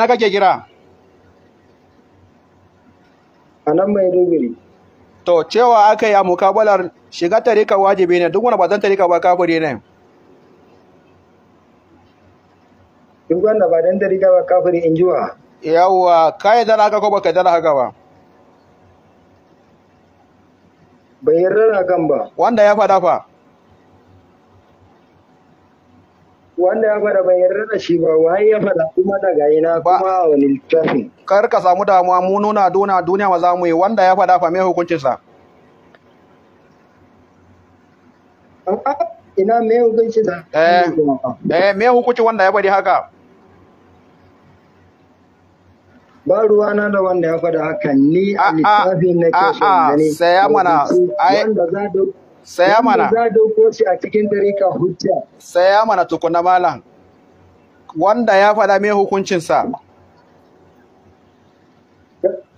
Ina kake kira? A nan mai dogiri. To, cewa aka yi a mukabalar shiga tarika wajibi ne, duk wani ba zan tarika ba kafiri ne. Duk wanda ba zan tarika ba kafiri in jiwa. Yawwa, ka yi dana haka ko baka dana haka ba? Bai yarda gan ba. Wanda ya fada fa? wanda ya faɗa ban yarda da shi ba waye ya faɗa kuma daga ina kuma a wani littafin kar ka samu damuwa mu nuna dona duniya ma za mu yi wanda ya fada fa me hukuncin sa ina me hukuncin sa eh eh me hukuncin wanda ya faɗi haka ba ruwa na da wanda ya fada haka ni a littafin na ke shi ne sai mana ai wanda za saya mana za dauko shi a cikin dariƙa hujja saya mana na malam wanda ya faɗa mai hukuncin sa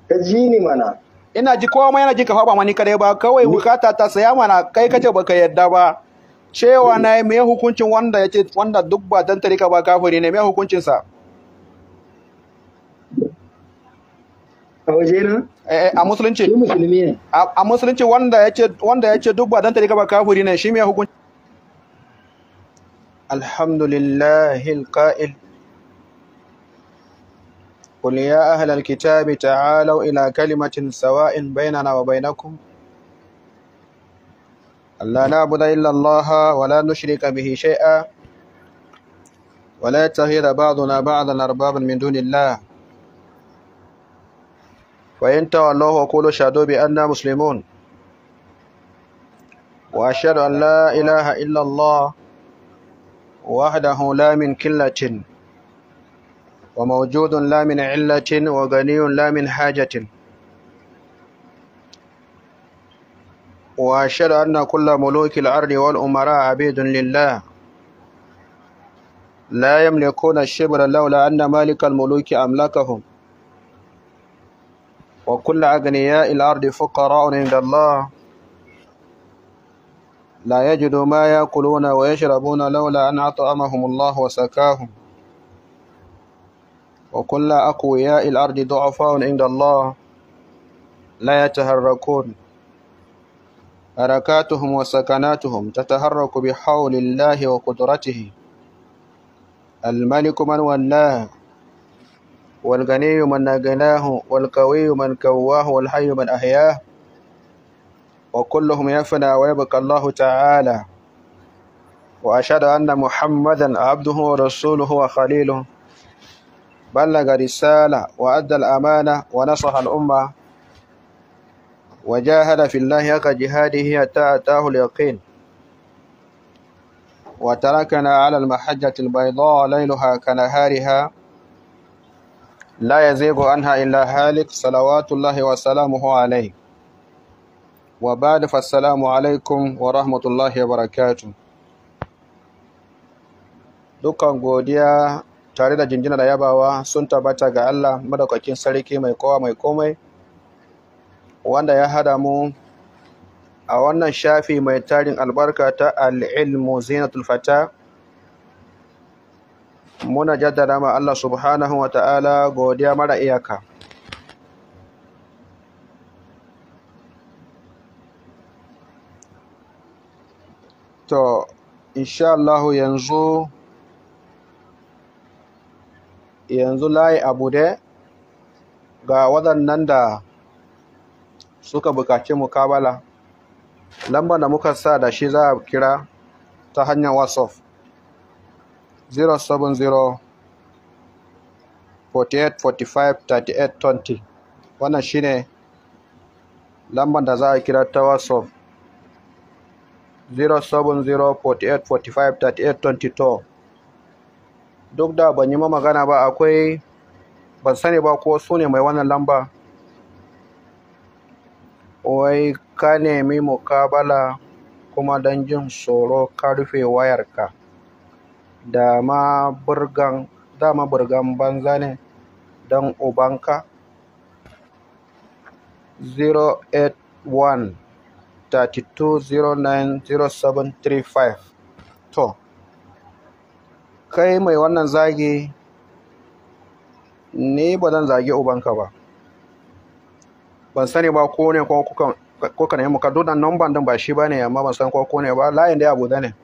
ka ji ni mana ina ji kowa yana ji ka faɓa mani kadai ba kawai bukata ta saya mana kai kace baka yadda ba cewa na mai hukuncin wanda yace wanda duk ba dan tarika ba kafiri ne mai hukuncin sa a waje eh, musulunci. wanda ya ce wanda ya ce duk ba dan tarika ba kafiri ne shi mai hukunci. Alhamdulillahil qa'il. Qul ya ahlal kitabi ta'alu ila kalimatin sawa'in bainana wa bainakum. Allah la ilaha illa Allah wa la nushrika bihi shay'a. Wa la yattakhidha ba'duna ba'dan arbaban min dunillah. وإن تولوه وقولوا شهدوا بأننا مسلمون وأشهد أن لا إله إلا الله وحده لا من كلة وموجود لا من علة وغني لا من حاجة وأشهد أن كل ملوك الأرض والأمراء عبيد لله لا يملكون الشبر لولا أن مالك الملوك أملكهم وكل أغنياء الأرض فقراء عند الله لا يجدوا ما يأكلون ويشربون لولا أن أطعمهم الله وسكاهم وكل أقوياء الأرض ضعفاء عند الله لا يتهركون حركاتهم وسكناتهم تتحرك بحول الله وقدرته الملك من ولاه والغني من أغناه والقوي من قواه والحي من أحياه وكلهم يفنى ويبقى الله تعالى وأشهد أن محمدا عبده ورسوله وخليله بلغ رسالة وأدى الأمانة ونصح الأمة وجاهد في الله حق جهاده حتى أتاه اليقين وتركنا على المحجة البيضاء ليلها كنهارها لا يزيغ عنها إلا هالك صلوات الله وسلامه عليه وبعد فالسلام عليكم ورحمة الله وبركاته dukkan godiya tare da jinjina da yabawa sun tabbata ga Allah madaukakin sarki mai kowa mai komai wanda ya hada mu a wannan shafi mai tarin albarka ta al zinatul fata muna jaddada ma Allah subhanahu wa ta'ala godiya mara iyaka to insha Allah yanzu yanzu layi abu da ga waɗannan da suka buƙaci mukabala lamba da muka sa da shi za a kira ta hanyar wasof. 070 48 38 20 wannan shine lambar da za a kira ta whatsapp 070 duk da ban yi ma magana ba akwai ban sani ba ko su ne mai wannan lamba wai ka nemi mukabala kuma don jin tsoro ka rufe wayarka da burgan dama burgan banza ne don ubanka 081 32090735 to kai mai wannan zagi ni ba zan zagi ubanka ba ban sani ba ko ne ko kuka ko kana yi muka duk nan number din ba shi ba ne, amma ban san ko ko ne ba layin da abu da ne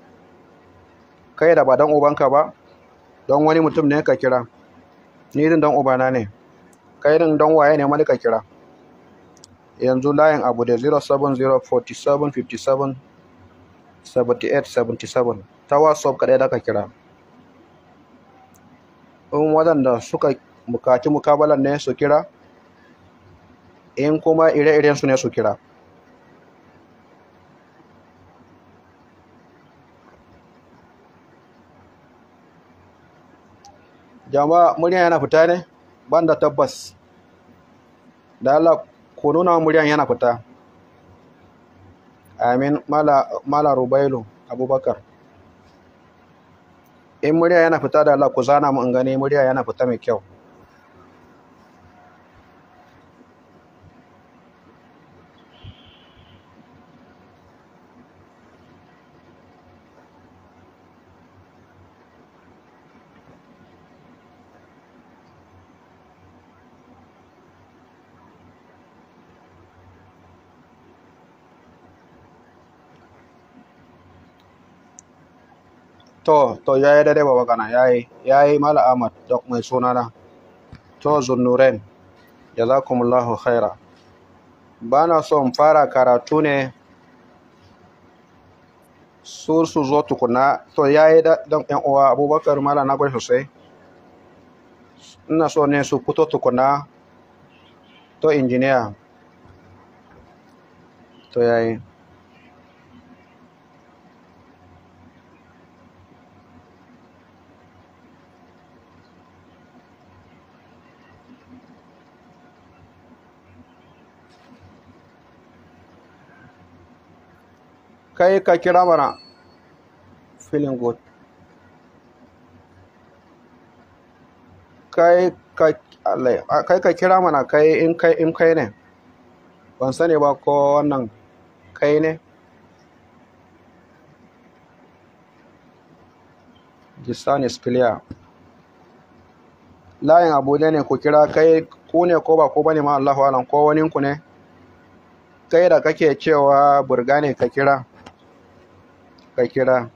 kai da ba dan ubanka ba don wani mutum ne ka kira ni din dan ubana ne kai din dan waye ne mani ka kira yanzu layin abu da 0704757 7877 ta whatsapp kaɗai da ka kira in waɗanda suka bukaci mukabalan ne su kira in kuma ire-irensu ne su kira jama'a muryan yana fita ne ban da tabbas da Allah ko nuna muryan yana fita amin mala mala rubailu abubakar in murya yana fita da Allah ku zana mu in gani murya yana fita mai kyau to to yi dare baba kana ya yi mala ahmad da mai sunana to za ku jazakumullahu khaira bana son fara karatu ne su su zo tukuna to ya yi dan yan uwa abubakar mala na gwai sosai ina so ne su fito tukuna to injiniya to ya yi. kai ka kira mana feeling good kai ka kira mana kai in kai in kai ne ban sani ba ko wannan kai ne is clear. layin abuja ne ku kira kai ku ne ko ba ko bane ma allahu alam ko wani ku ne kai da kake cewa burga ne ka kira ka kira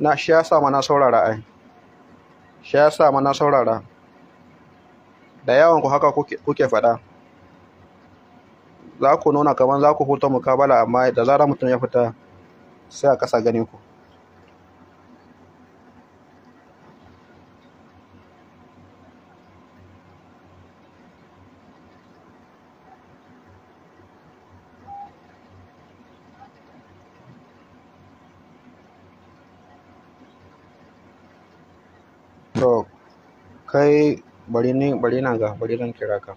na shi ya sa mana saurara ai shi ya sa mana saurara da yawan ku haka kuke faɗa za ku nuna kamar za ku huta mukabala amma da zara mutum ya fita sai a kasa ganin ku काय बड़ी बळीनागा बळीरामखेडा का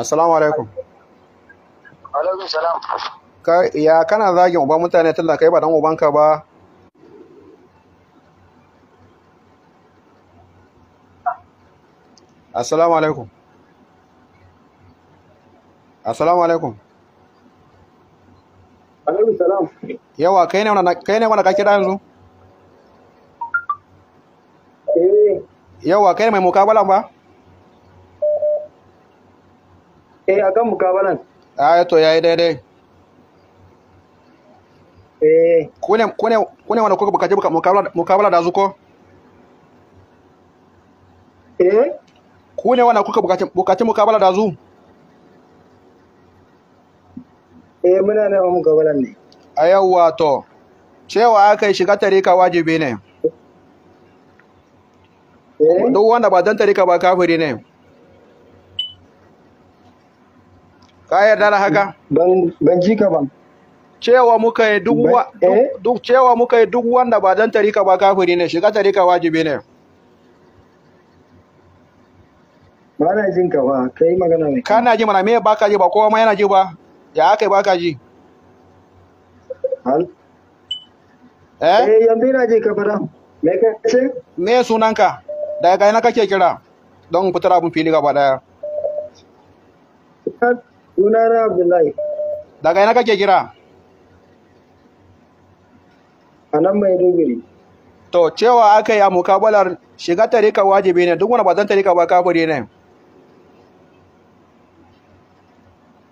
अस्सलाम वालेकुम alaikum ya kana zagin uban mutane tunda kai ba dan ubanka ba Assalamu alaikum. Assalamu alaikum. Alaikum salam. Yawa kai ne wanda kai ne wanda ka kira yanzu? Eh. Yawa kai mai mukabalan ba? Eh a kan mukabalan. Ah, a to yayi daidai eh kune kune kune wanda kuka bukaci mukabala da zuko eh kune wanda kuka bukaci bukaci mukabala da zu eh muna mu gabalan ne a to cewa aka yi shiga tarika wajibi ne eh? duk wanda ba dan tarika ba kafiri ne Ka yarda da haka? Ban ji ka ba. Cewa muka yi duk eh? cewa muka yi duk wanda ba dan tarika ba kafiri ne shiga tarika wajibi ne. Ba na jin ka ba, kai magana ne. Kana ji mana me baka ji ba kowa ma yana ji ba. Ya aka baka ji? Eh? Eh yanzu ina ji ka fara. Me ka ce? Me sunanka? Daga ina kake kira? Don fitar abin fili gaba daya. Sunana Abdullahi. Daga ina kake kira? A nan Maiduguri. To, cewa aka yi a mukabalar shiga tarika wajibi ne, duk wani ba zan tarika ba kafiri ne.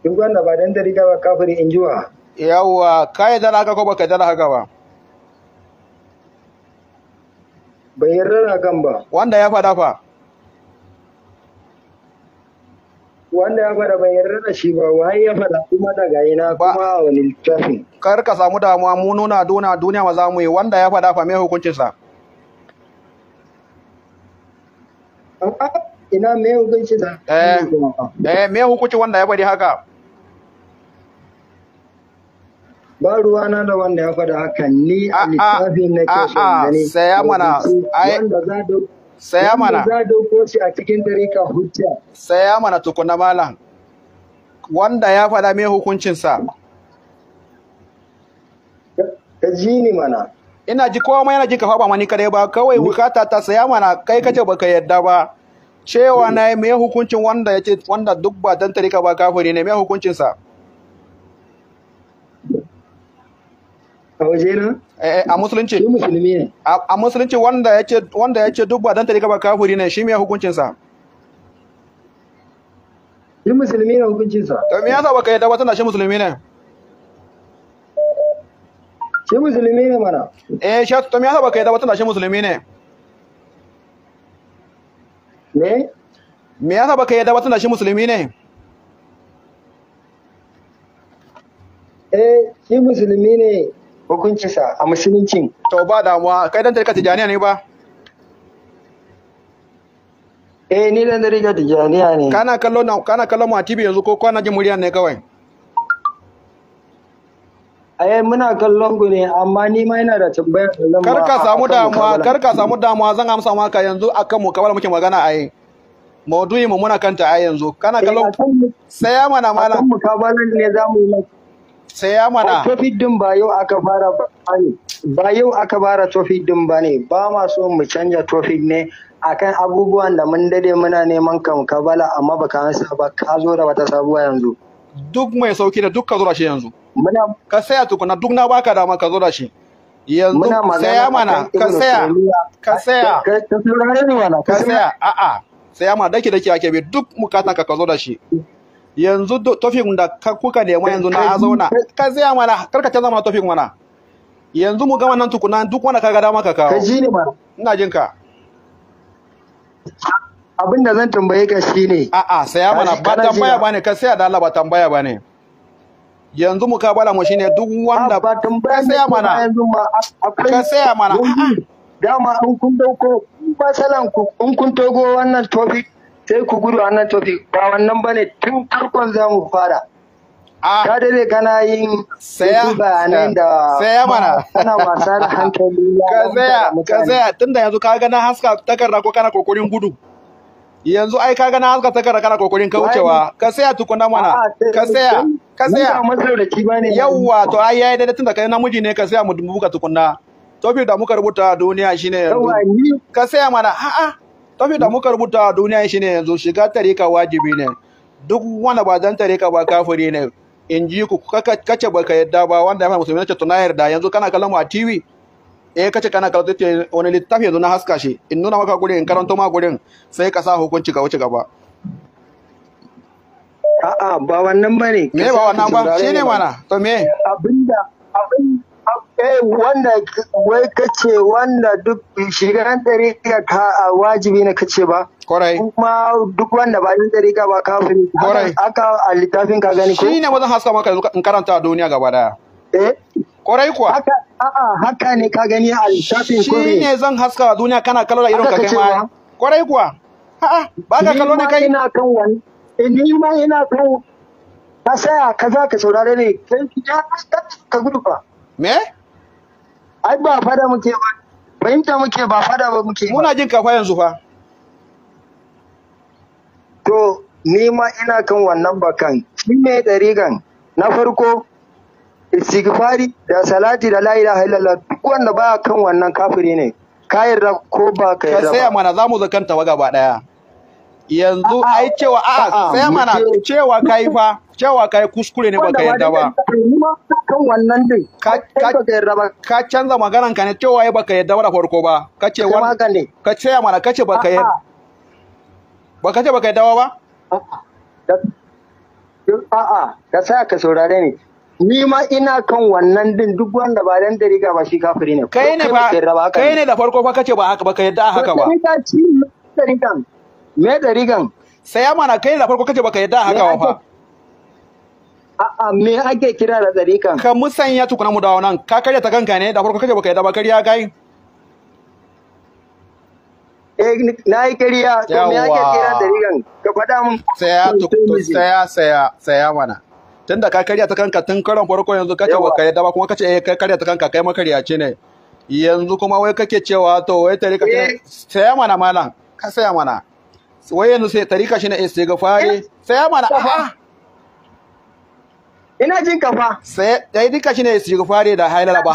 Duk wanda ba zan tarika ba kafiri in jiwa. Yawwa, ka yi dara haka ko ba ka haka ba? Bai yarda hakan ba. Wanda ya faɗa fa? wanda ya faɗa bai yarda da shi ba wai ya faɗa kuma daga ina kuma a wani littafin kar ka samu damuwa mu nuna duna duniya ma za mu yi wanda ya fada fa me hukuncin sa ina me hukuncin sa eh eh me hukunci wanda ya faɗi haka ba ruwa na da wanda ya faɗa haka ni a littafin na ke son gani sai mana ai wanda za saya mana za dauko shi a cikin dariƙa hujja saya mana tukuna malam wanda ya faɗa mai hukuncinsa ka ji ni mana ina ji kowa ma yana ji ka faɓa mani kadai ba kawai bukata ta saya mana kai kace baka yadda ba cewa na mai hukuncin wanda yace wanda duk ba dan tarika ba kafiri ne mai hukuncinsa a waje na eh, eh, a musulunci a musulunci wanda ya wanda yace duk ba dan tarika ba kafiri ne shi me hukuncin sa shi musulmi ne hukuncin sa to me yasa baka yadda ba tana shi musulmi ne shi musulmi ne mana eh shi to me yasa baka yadda ba tana shi musulmi ne me me yasa baka yadda ba tana shi musulmi ne eh shi musulmi ne hukuncinsa a musulunci. To ba damuwa, kai dan tarika tijaniya ne ba? Eh ni dan tarika tijaniya ne. Kana kallo na kana kallo mu a TV yanzu ko kana jin murya ne kawai? Eh muna kallon ku ne amma ni ma ina da tambaya kallon Kar ka samu damuwa, kar ka samu damuwa zan amsa maka yanzu akan mu kamar muke magana a yi. Maudu'i mu muna kanta a yanzu. Kana eh, kallon ya mana malam. Akan kabalan ne zamu yi ya mana tofi din ba yau aka fara ba yau aka fara tofi din ba ne ba ma so mu canja tofi ne akan abubuwan da mun dade muna neman kan kabala amma baka ansa ba ka zo da wata sabuwa yanzu duk mai sauki da duk ka zo da shi yanzu muna ka saya tukuna duk na baka dama ka zo da shi yanzu ya mana ka saya ka saya ka saya a'a saya ma dake dake ake bi duk mukatan ka ka zo da shi yanzu tofin da kuka nema yanzu na eh, zauna eh, eh. ka tsaya mana kar ka canza mana tofin mana yanzu mu gama nan tukuna duk wanda kaga dama ka kawo ka ji ma ina jin ka abin da zan tambaye ka shine a'a saya mana ba tambaya bane ka saya da Allah ba tambaya bane yanzu mu ka bala mu shine duk wanda ba tambaya saya mana ka saya mana ah. dama in kun dauko ba salan ku in kun togo wannan tofin sai ku gudu nan tofi, ba wannan ba ne tun farkon za mu fara ah. ka dade gana yin saya bayanai da saya mana kana wasa da hankali ka tsaya ka tsaya tunda yanzu ka gana na haska takarda ko kana kokorin gudu yanzu ai ka gana haska takarda kana kokarin kaucewa ka saya tukuna mana ka saya ka saya yawa to ai yayi da tunda kai namiji ne ka saya mu buka tukuna tofi da muka rubuta duniya shine ka saya mana ha'a. tafi da muka rubuta a duniya shi ne yanzu shiga tarika wajibi ne duk wanda ba zan tarika ba kafiri ne in ji ku kace baka yadda ba wanda ya musulmi nace tuna yarda yanzu kana kallon a TV eh kace kana kallon ta wani littafi yanzu na haska shi in nuna maka gurin in karanto ma gurin sai ka sa hukunci ka wuce gaba a'a ba wannan bane me ba wannan ba shine mana to me abinda abin wanda wai kace wanda duk shigan dariƙa ka wajibi ne kace ba Korai. kuma duk wanda ba yin dariƙa ba kafin Korai. aka a littafin ka gani ko ne wazan haska maka in karanta a duniya gaba daya eh Korai kuwa haka a'a haka ne ka gani a littafin ko ne zan haska a duniya kana kallon irin ka kai ma kwarai kuwa a'a ba ka kallon ne kai ina kan wani eh, ni ma ina kan ka saya kaza ka saurare ne kai ki ka gudu fa me ai ba fada muke ba fahimta muke ba fada ba muke muna jin kafa yanzu fa to ni ma ina kan wannan bakan shi ne dariƙan na farko istighfari da salati da la ilaha illallah duk wanda baya kan wannan kafiri ne ka yarda ko ba ka yarda ka tsaya mana zamu zakanta wa gaba daya yanzu ai cewa a sai mana cewa kai fa cewa kai kuskure ne baka yarda ba kan wannan din ka ka canza maganan ka ne cewa ai baka yarda ba da farko ba ka ce wannan ka ce mana ka ce baka yarda ka ce baka yarda ba a'a da sai ka saurare ni ni ma ina kan wannan din duk wanda ba dan dariga ba shi kafiri ne kai ne ba kai ne da farko fa kace ba haka ba yarda haka ba me da rigan saya mana kai da farko kace baka yadda haka fa A'a me ake kira da tsarikan? Ka musanya tukuna mu dawo nan, ka karya ta kanka ne, da farko kace baka yadda ba karya kai. Eh na yi kariya to me ake kira da rigan ka faɗa mun saya to saya saya saya mana tunda ka karya ta kanka tun karon farko yanzu kace ba ka yadda ba kuma kace eh ka karya ta kanka kai makarya ce ne yanzu kuma wai kake cewa to wai tare ka eh. saya mana malam ka saya mana wai yanzu sai tarika shi na istighfari sai ga fare sai ya mana aha ina jin ka fa sai dika shi na fare da hailala ba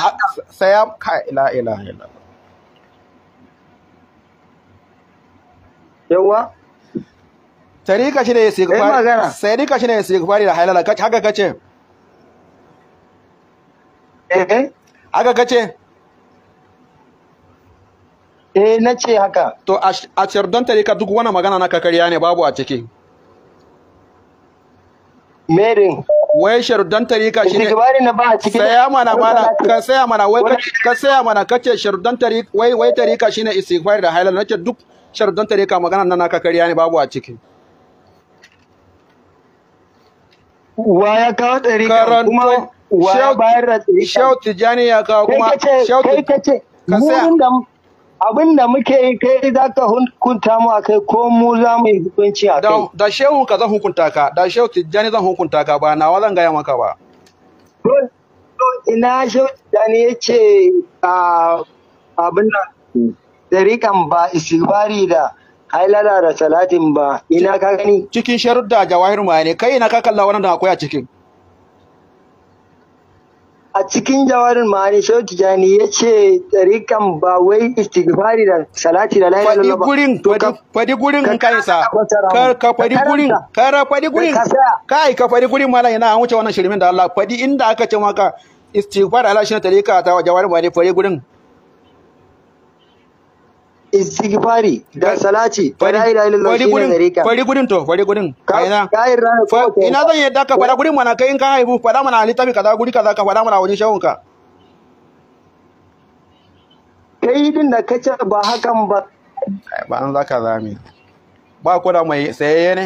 sai ya ka ila ila ila yawa tarika shi ne istighfari sai dika shi ne fare da ka haka kace eh haka kace eh na ce haka to a don ka duk wani magana na kakariya ne babu a ciki merin wai sharudan tarika shi ne saya mana mana ka saya mana wai ka saya mana ka ce sharudan tarika wai wai tarika shine istighfar da halal nace duk sharudan tarika magana nan naka kariya ne babu a ciki wa ya kawo tarika kuma wa ya bayar da tarika shau tijani ya kawo kuma shau kai kace kai kace mu abin da muke yi kai za ka hukunta mu a kai ko mu za mu yi hukunci a kai. Da shehu ka zan hukunta ka, da shehu tijjani zan hukunta ka ba, nawa zan gaya maka ba. Ina shehu tijjani ya ce abin nan, dariƙan ba isibari da hailala da salatin ba, ina ka gani. Cikin sharuda jawahir ma ne, kai ina ka kalla wannan da akwai a cikin. A cikin jawarin ma'ani Shehu Tijani ya ce ɗarikan ba wai istighfari da salati da layin lalaba. Fadi gurin, fadi gurin kai ka Ka fadi gurin, ka fadi gurin. Kai ka fadi gurin malam yana an wuce wannan shirmin da Allah. Fadi inda aka ce maka istighfar Allah shi na ɗarika ta jawarin ma'ani fadi gurin. istighfari da salati la ilaha illallah fari gudun to fari gudun kaina ina zan yadda ka fara gudun mana kai in ka haihu fara mana littafi kaza guri kaza ka fara mana shawun ka kai din da kace ba hakan ba ba an zaka zame ba ku da mai sayayye ne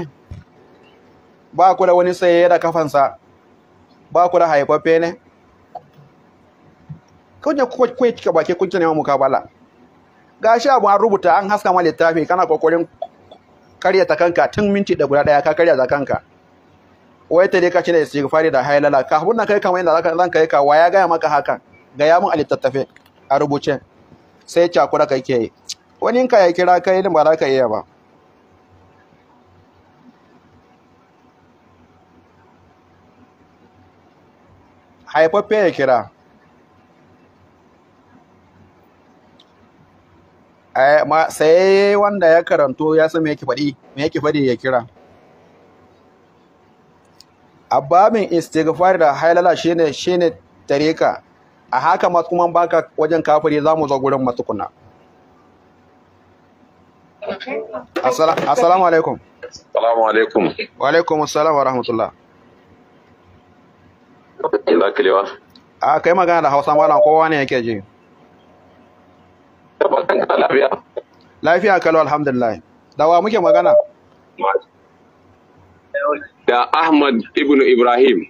ba ku da wani sayayye da kafansa ba ku da haifaffe ne kawai kuka kuka baki kun kina mu bala? gashi abu an rubuta an haska ma littafi kana kokarin karyata kanka tun minti da guda daya ka ta kanka wai ta dai ka ce da istighfari da haylala ka abun nan kai kamar yadda zaka zan kai ka waya gaya maka hakan gaya mun a a rubuce sai cakura kai ke yi wani ka ya kira kai ba za ka iya ba haifaffe ya kira Eh, sai wanda ya karanto ya san me yake faɗi me yake faɗi ya kira Ababin istighfar da halala shine shine tareka a haka ma kuma baka wajen kafiri zamu zo gurin kuna assalamu alaikum assalamu alaikum wa alaikum assalam wa rahmatullah kilewa a kai magana da Hausa malam kowa ne yake ji lafiya kalu alhamdulillah da wa muke magana da Ahmad ibn Ibrahim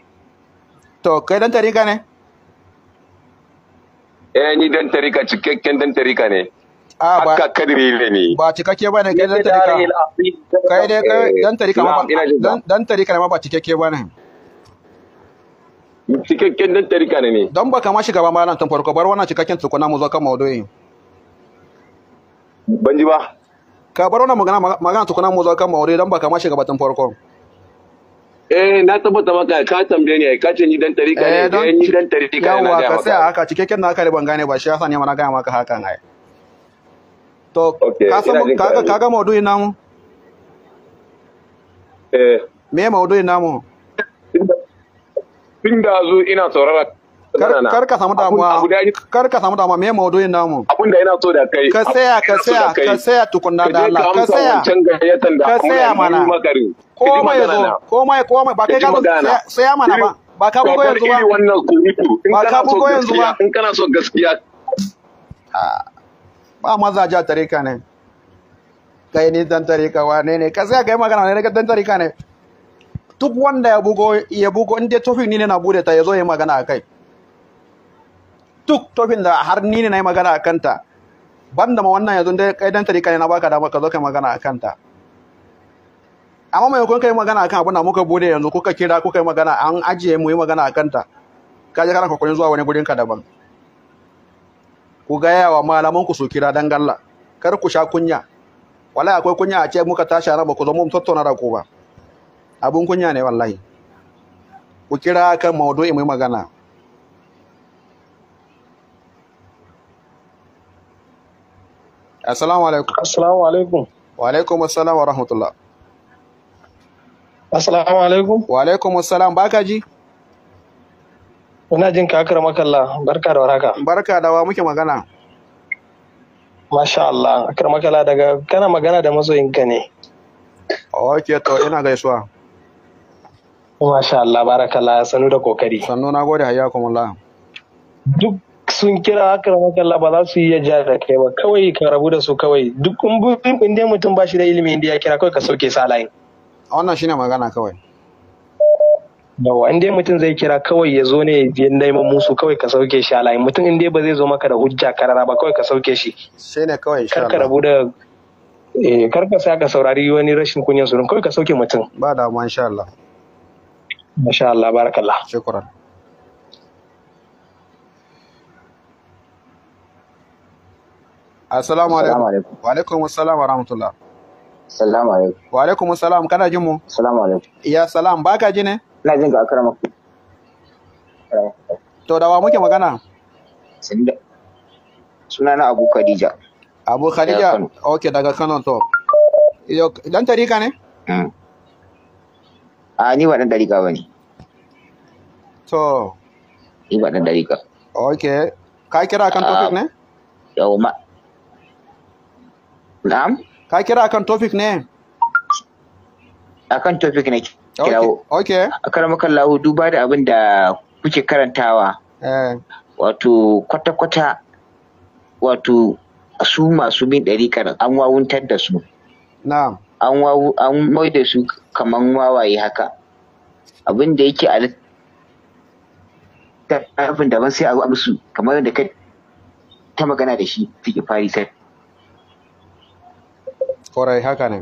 to kai dan tarika ne eh ni dan tarika cikakken dan tarika ne a ba ka kadiri ne ni ba cikakke ba ne kai dan tarika kai dai kai eh, dan tarika ma dan tarika ma ba cikakke ba ne cikakken dan tarika ne don ba ma shiga ba malam tun farko bar wannan cikakken tsukuna mu zo kan maudu'in ban ji ba ka bar wannan magana magana tukuna mu zo kan maure dan ba kama shiga batun farko eh na tabbata maka ka tambaye ni ka ce ni dan tarika ne eh, eh ni dan tarika ne yawa ka sai haka cikakken na haka ban gane ba shi yasa ne mana ga maka hakan ai to ka san kaga kaga maudu'in namu eh me maudu'in namu tunda zu ina saurara kar ka samu damuwa kar ka samu damuwa me maudoyin namu abinda ina so da kai ka saya ka saya ka saya tukunna da Allah ka saya ka saya mana komai zo komai koma ba kai ka saya mana ba ba ka bugo yanzu ba ba ka bugo yanzu ba in kana so gaskiya ba mazaje a tarika ne kai ni dan tarika wane ne ka saya kai magana ne ka dan tarika ne duk wanda ya bugo ya bugo inda tofi ni ne na bude ta ya zo ya magana a kai duk tofin da har ni ne na yi magana a kanta ban da ma wannan yanzu dai kai dan tarika ne na baka dama ka zo kai magana a kanta amma mai kun kai magana akan abin da muka bude yanzu kuka kira kuka yi magana an ajiye mu yi magana a kanta ka je kana kokarin zuwa wani gurin ka daban ku gaya wa malaman ku su kira dan galla kar ku sha kunya wallahi akwai kunya a ce muka tashi ana ba ku zama mu tattauna da ku ba abun kunya ne wallahi ku kira kan maudu'i mu yi magana Assalamu alaikum. Assalamu alaikum. Wa alaikum assalam wa rahmatullah. Assalamu alaikum. Wa alaikum assalam baka ji? Ina jin ka akrama Barka da waraka. Barka da wa muke magana. Masha Allah, akrama makalla daga kana magana da ka ne. Ok, to ina gaisuwa. Masha Allah, barakallah, sanu da kokari. Sannu na gode hayya kuma Allah. Duk sun kira aka makalla ba za su iya ja da kai ba kawai ka rabu da su kawai duk kumbin inda mutum ba shi da ilimi inda ya kira kawai ka sauke sa layin wannan shine magana kawai yawa inda mutum zai kira kawai ya zo ne ya neman musu kawai ka sauke shi a layin mutum inda ba zai zo maka da hujja karara ba kawai ka sauke shi sai ne kawai insha Allah kar ka rabu da eh kar ka sa ka saurari wani rashin kunyan su kawai ka sauke mutum ba damuwa insha Allah masha Allah barakallah shukran Assalamu alaikum. Wa alaikum assalam wa rahmatullah. Assalamu alaikum. Wa alaikum assalam kana jin mu? Assalamu alaikum. Ya salam baka ji ne? Ina jin ga akrama. To da wa muke magana? Sinda. Sunana Abu Khadija. Abu Khadija. Okay daga Kano to. Yo dan tarika ne? Mm. A ni ba dan tarika bane. To. Ni ba dan tarika. Okay. Ka kira kan topic ah, ne? Yau ma Na'am? Ka kira akan topic ne? Akan topic ne kirawo. Okay. Akan makallahu duba da abin da kuke karantawa. Eh. Wato kwata-kwata wato su masu bin ɗarikar an wawuntar da su. Na'am. An wawu an mai da su kaman wawaye haka. Abin da yake a da ban sai a musu kamar da ka ta magana da shi take fari sai korai haka ne.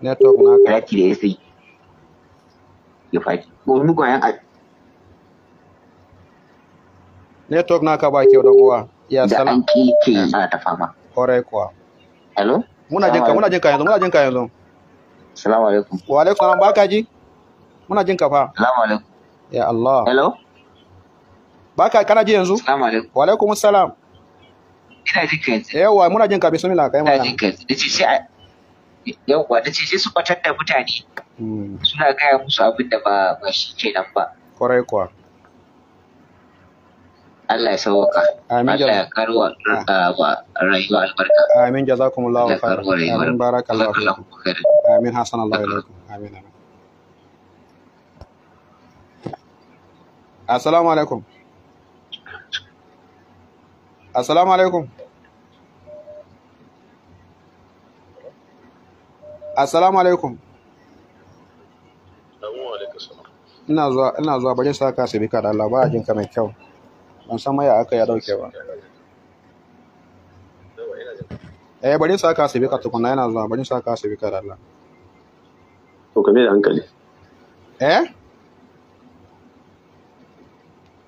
Network da Ya sai. Ya faki. Ko mu gwayan a Network ka ba ke da uwa. Ya salam. Da an kike ba eh. ta fama. korai kuwa. Hello? Muna jinka, muna jinka yanzu, muna jinka yanzu. Assalamu alaikum. Wa alaikum salam baka ji? Muna jinka fa. Assalamu alaikum. Ya Allah. Hello? Baka kana ji yanzu? Assalamu alaikum. Wa alaikum assalam. Ina jinka yanzu. Yawwa muna jinka bismillah kai mana. Ina jinka yanzu. sai yawwa ta ce sai su batar da mutane hmm. suna gaya musu abin da ba shi ke nan ba kwarai kuwa Allah ya sauka amin Allah ya karuwa karwa ah. Ah, rayuwa albarka amin jazakumullahu khairan amin barakallahu fikum amin hasan hasanallahu ilaikum amin amin assalamu alaikum assalamu alaikum assalamu alaikum ina zuwa ina zuwa bari sa ka sabi ka da Allah ba jin ka mai kyau ban san maya aka ya dauke ba eh bari sa ka sabi ka tukuna yana zuwa bari sa ka sabi ka da Allah to ka da hankali eh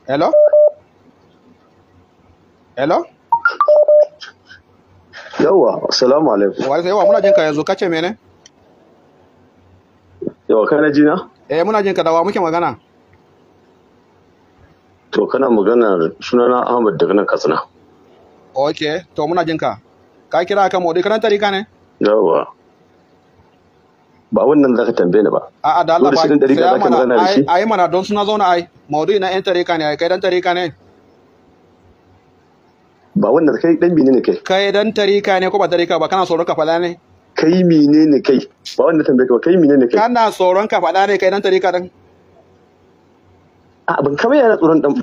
hello hello yawa assalamu alaikum wa yawa muna jinka ka yanzu kace mene Yawa kana jina? Eh muna jin kadawa muke magana. To kana magana sunana Ahmad daga nan Katsina. Ok, to muna jin ka. Ka kira kan maudu kana tarika ne? Yawa. Ba wannan zaka tambaye ni ba. A'a da Allah ba. Sai mana ai ai mana don suna zauna ai. Maudu na yan tarika ne ai kai dan tarika ne. Ba wannan kai dan bini ne kai. Kai dan tarika ne ko ba tarika ba kana tsoron ka fada ne? kai menene kai ba wanda tambaye ka kai menene kai kana tsoron ka faɗa ne kai dan tarika dan a ban kawai yana tsoron dan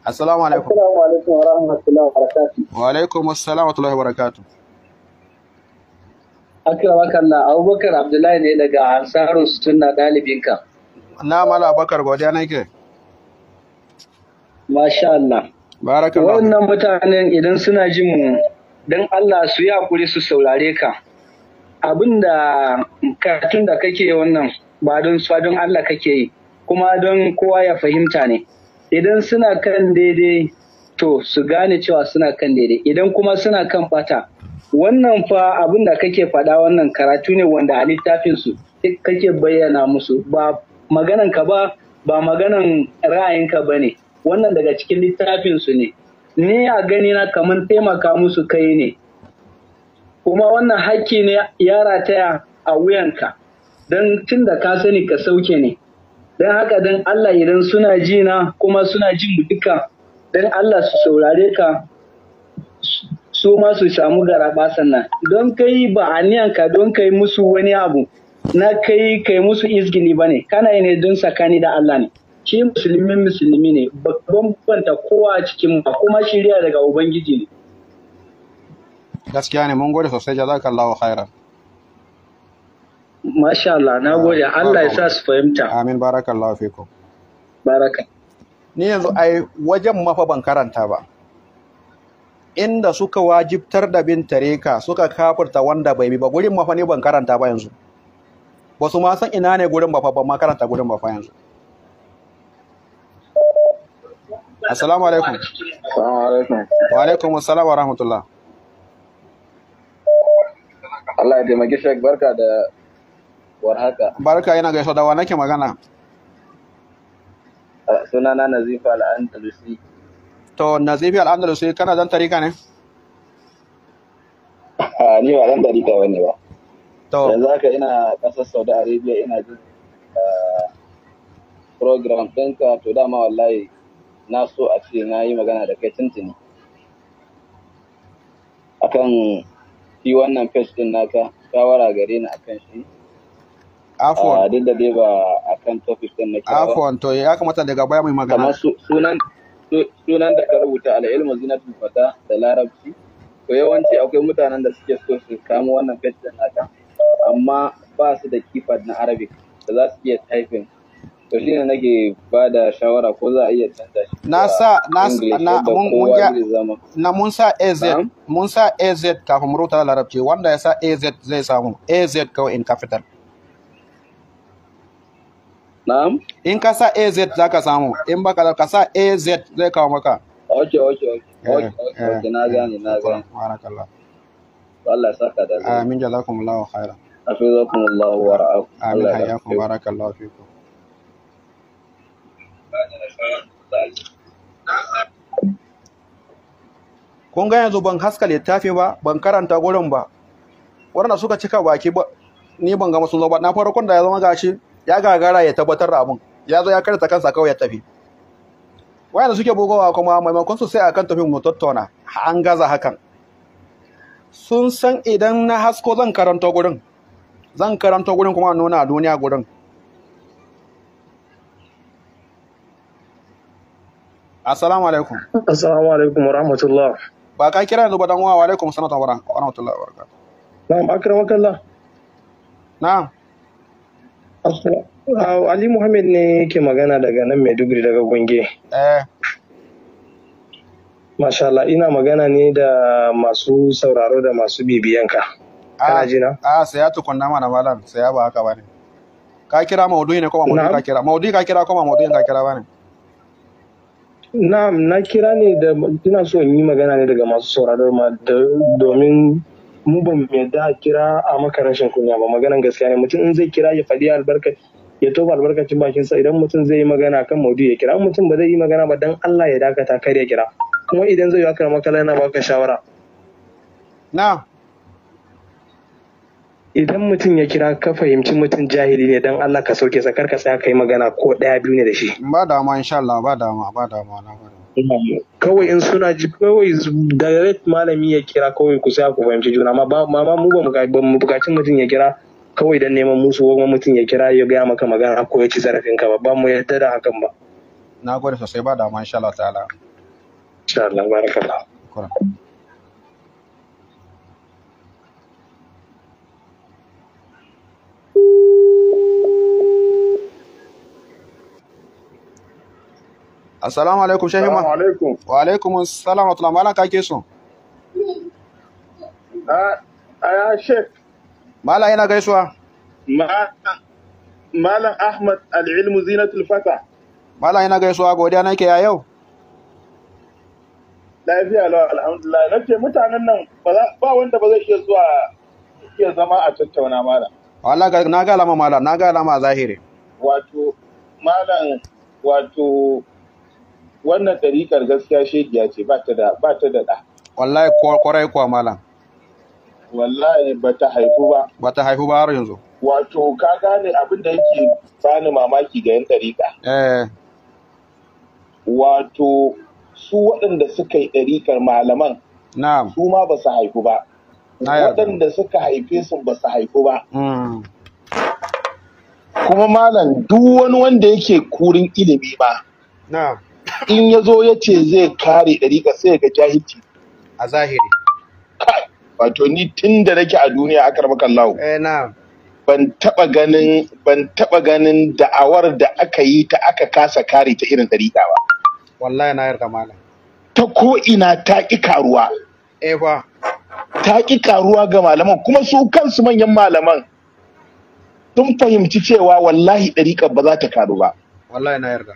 Assalamu alaikum. Assalamu alaikum wa rahmatullahi wa barakatuh. Wa alaikum assalam wa rahmatullahi wa barakatuh. Akrama Allah Abubakar Abdullahi ne daga Ansarus tunna dalibinka. Na mala Abubakar godiya nake. Masha Allah. Barakallah. Wannan mutanen idan suna jin mu don Allah su yi hakuri su saurare ka. Abin da katun da kake wannan ba don su don Allah kake yi kuma don kowa ya fahimta ne. Idan suna kan daidai to su gane cewa suna kan daidai idan kuma suna kan bata wannan fa abin da kake faɗa wannan karatu ne wanda a littafin su kake bayyana musu ba maganan ka ba ba maganan ra'ayinka ba ne wannan daga cikin littafin su ne ni a gani na kaman taimaka musu kai ne kuma wannan hakki ne ya rataya a wuyanka don tun da ka sani ka sauke ne don haka don Allah idan suna ji na kuma suna jin mu duka don Allah su saurare ka su ma su samu garabasan nan don kai ba aniyanka don kai musu wani abu na kai kai musu izgili ba ne kana ne don sakani da Allah ne shi musulmin musulmi ne babban banta kowa a cikin ba kuma shirya daga ubangiji ne gaskiya ne mun gode sosai jazakallahu khairan masha Allah na gode Allah ya sa su fahimta amin barakallahu fikum baraka ni yanzu ai wajen mafa ban karanta ba inda suka wajibtar da bin tareka suka kafirta wanda bai bi ba gurin mafa ne ban karanta ba yanzu ba su ma san ina ne gurin ba fa ban ma karanta gurin ba fa yanzu Assalamu alaikum. Assalamu alaikum. Wa alaikum wa rahmatullah. Allah ya taimaki Sheikh barka da warhaka. Barka yana gaisuwa da wa nake magana. Sunana Nazifa Al-Andalusi. To Nazifi Al-Andalusi kana dan tarika ne? ni ba dan tarika bane ba. To yanzu haka ina kasar Saudi Arabia ina jin program ɗinka to dama wallahi na so a ce na yi magana da kai tuntuni akan shi wannan page din naka shawara gare ni akan shi afon ah, duk da dai ba akan topic din nake afon to ya kamata daga baya mai magana kamar sunan sunan da ka rubuta al-ilmu zinatul fata da larabci to yawanci akwai mutanen da suke so su kamo wannan page din naka amma ba su da keypad na arabic da za su iya typing to shi ne nake ba da shawara ko za a iya canza shi na sa na na mun ga na mun sa AZ mun sa AZ kafin mu rubuta larabci wanda ya sa AZ zai samu AZ ko in capital na'am in ka sa AZ za ka samu in baka ka sa AZ zai kawo maka oke oke oke na gani, na gane barakallah Allah saka da amin jazakumullahu khairan hafizakumullahu wa ra'akum amin hayyakum barakallahu fikum kun ga yanzu ban haska littafi ba ban karanta gurin ba waɗanda suka cika baki ba ni ban gama sun zo ba na farkon da ya zama gashi ya gagara ya tabbatar da abin ya zo ya karanta kansa kawai ya tafi wayanda suke bugowa kuma maimakon su sai akan tafi mu tattauna an gaza hakan sun san idan na hasko zan karanta gurin zan karanta gurin kuma nuna a duniya gurin Assalamu alaikum. Assalamu alaikum wa rahmatullah. Ba ka kira yanzu ba dan wa alaikum sanata wa rahmatullah wa barakatuh. Na'am akramakallah. Na'am. Ali Muhammad ne yake magana daga nan Maiduguri daga gunge. Eh. Masha Allah ina magana ne da masu sauraro da masu bibiyanka. Ah, Kana jina? A ah, saya tukunna mana malam, saya ba haka bane. Ka kira maudu'i ne ko ba maudu'i ka kira? Maudu'i ka kira ko ba maudu'i ka kira bane? na na kira ne da ina so yi magana ne daga masu sauraro ma domin mu ba mu yadda kira a maka rashin kunya ba maganan gaskiya ne mutum in zai kira ya faɗi albarka ya tofa albarkacin bakin sa idan mutum zai yi magana kan maudu ya kira mutum ba zai yi magana ba dan Allah ya dakata kar ya kira kuma idan zai yi haka maka lana baka shawara na'am idan mutum ya kira ka fahimci mutum jahili ne dan Allah ka sauke sa karka tsaya kai magana ko ɗaya biyu ne da shi ba ma insha Allah ba dama ba ma na kawai in suna ji kawai direct malami ya kira kawai ku sai ku fahimci juna amma ba ma mu ba mu bukacin mutum ya kira kawai dan neman musu ko mutum ya kira ya gaya maka magana ko ya ci zarafin ka ba ba mu yadda da hakan ba na gode sosai ba ma insha Allah ta'ala insha Allah barakallahu Assalamu alaikum Shehima. Assalamu alaikum. Wa alaikum assalam wa rahmatullahi malam kake so. Ah, ah Sheikh. Malam yana gaisuwa. Malam Ahmad al-Ilmu Zinatul Fata. Malam yana gaisuwa godiya nake ya yau. Lafiya lawa alhamdulillah. nake mutanen nan ba wanda ba zai iya zuwa iya zama a tattauna malam. ga na ga alama malam, na ga alama zahiri. Wato malam wato wannan ɗariƙar gaskiya shegiya ce ba ta da ba ta da ɗa wallahi kwarai kuwa malam wallahi ba ta haihu ba ba ta haihu ba har yanzu wato ka gane abin da yake bani mamaki ga yan ɗariƙa eh wato su waɗanda suka yi ɗariƙar malaman na'am su ma ba su ba waɗanda suka haife su ba su haifu ba hmm. kuma malam duk wani wanda yake kurin ilimi ba na'am in ya zo ya ce zai kare ɗariƙa sai ga jahilci a zahiri wato ni tun da nake a duniya akar makallahu eh, ban taba ganin ban taba ganin da'awar da aka yi ta aka kasa kare ta irin ɗariƙa ba wallahi na yarda mana ta ko ina ta ƙi karuwa eh ba ta ƙi karuwa ga malaman kuma su kansu manyan malaman sun fahimci cewa wallahi ɗariƙa ba za ta karu ba wallahi na yarda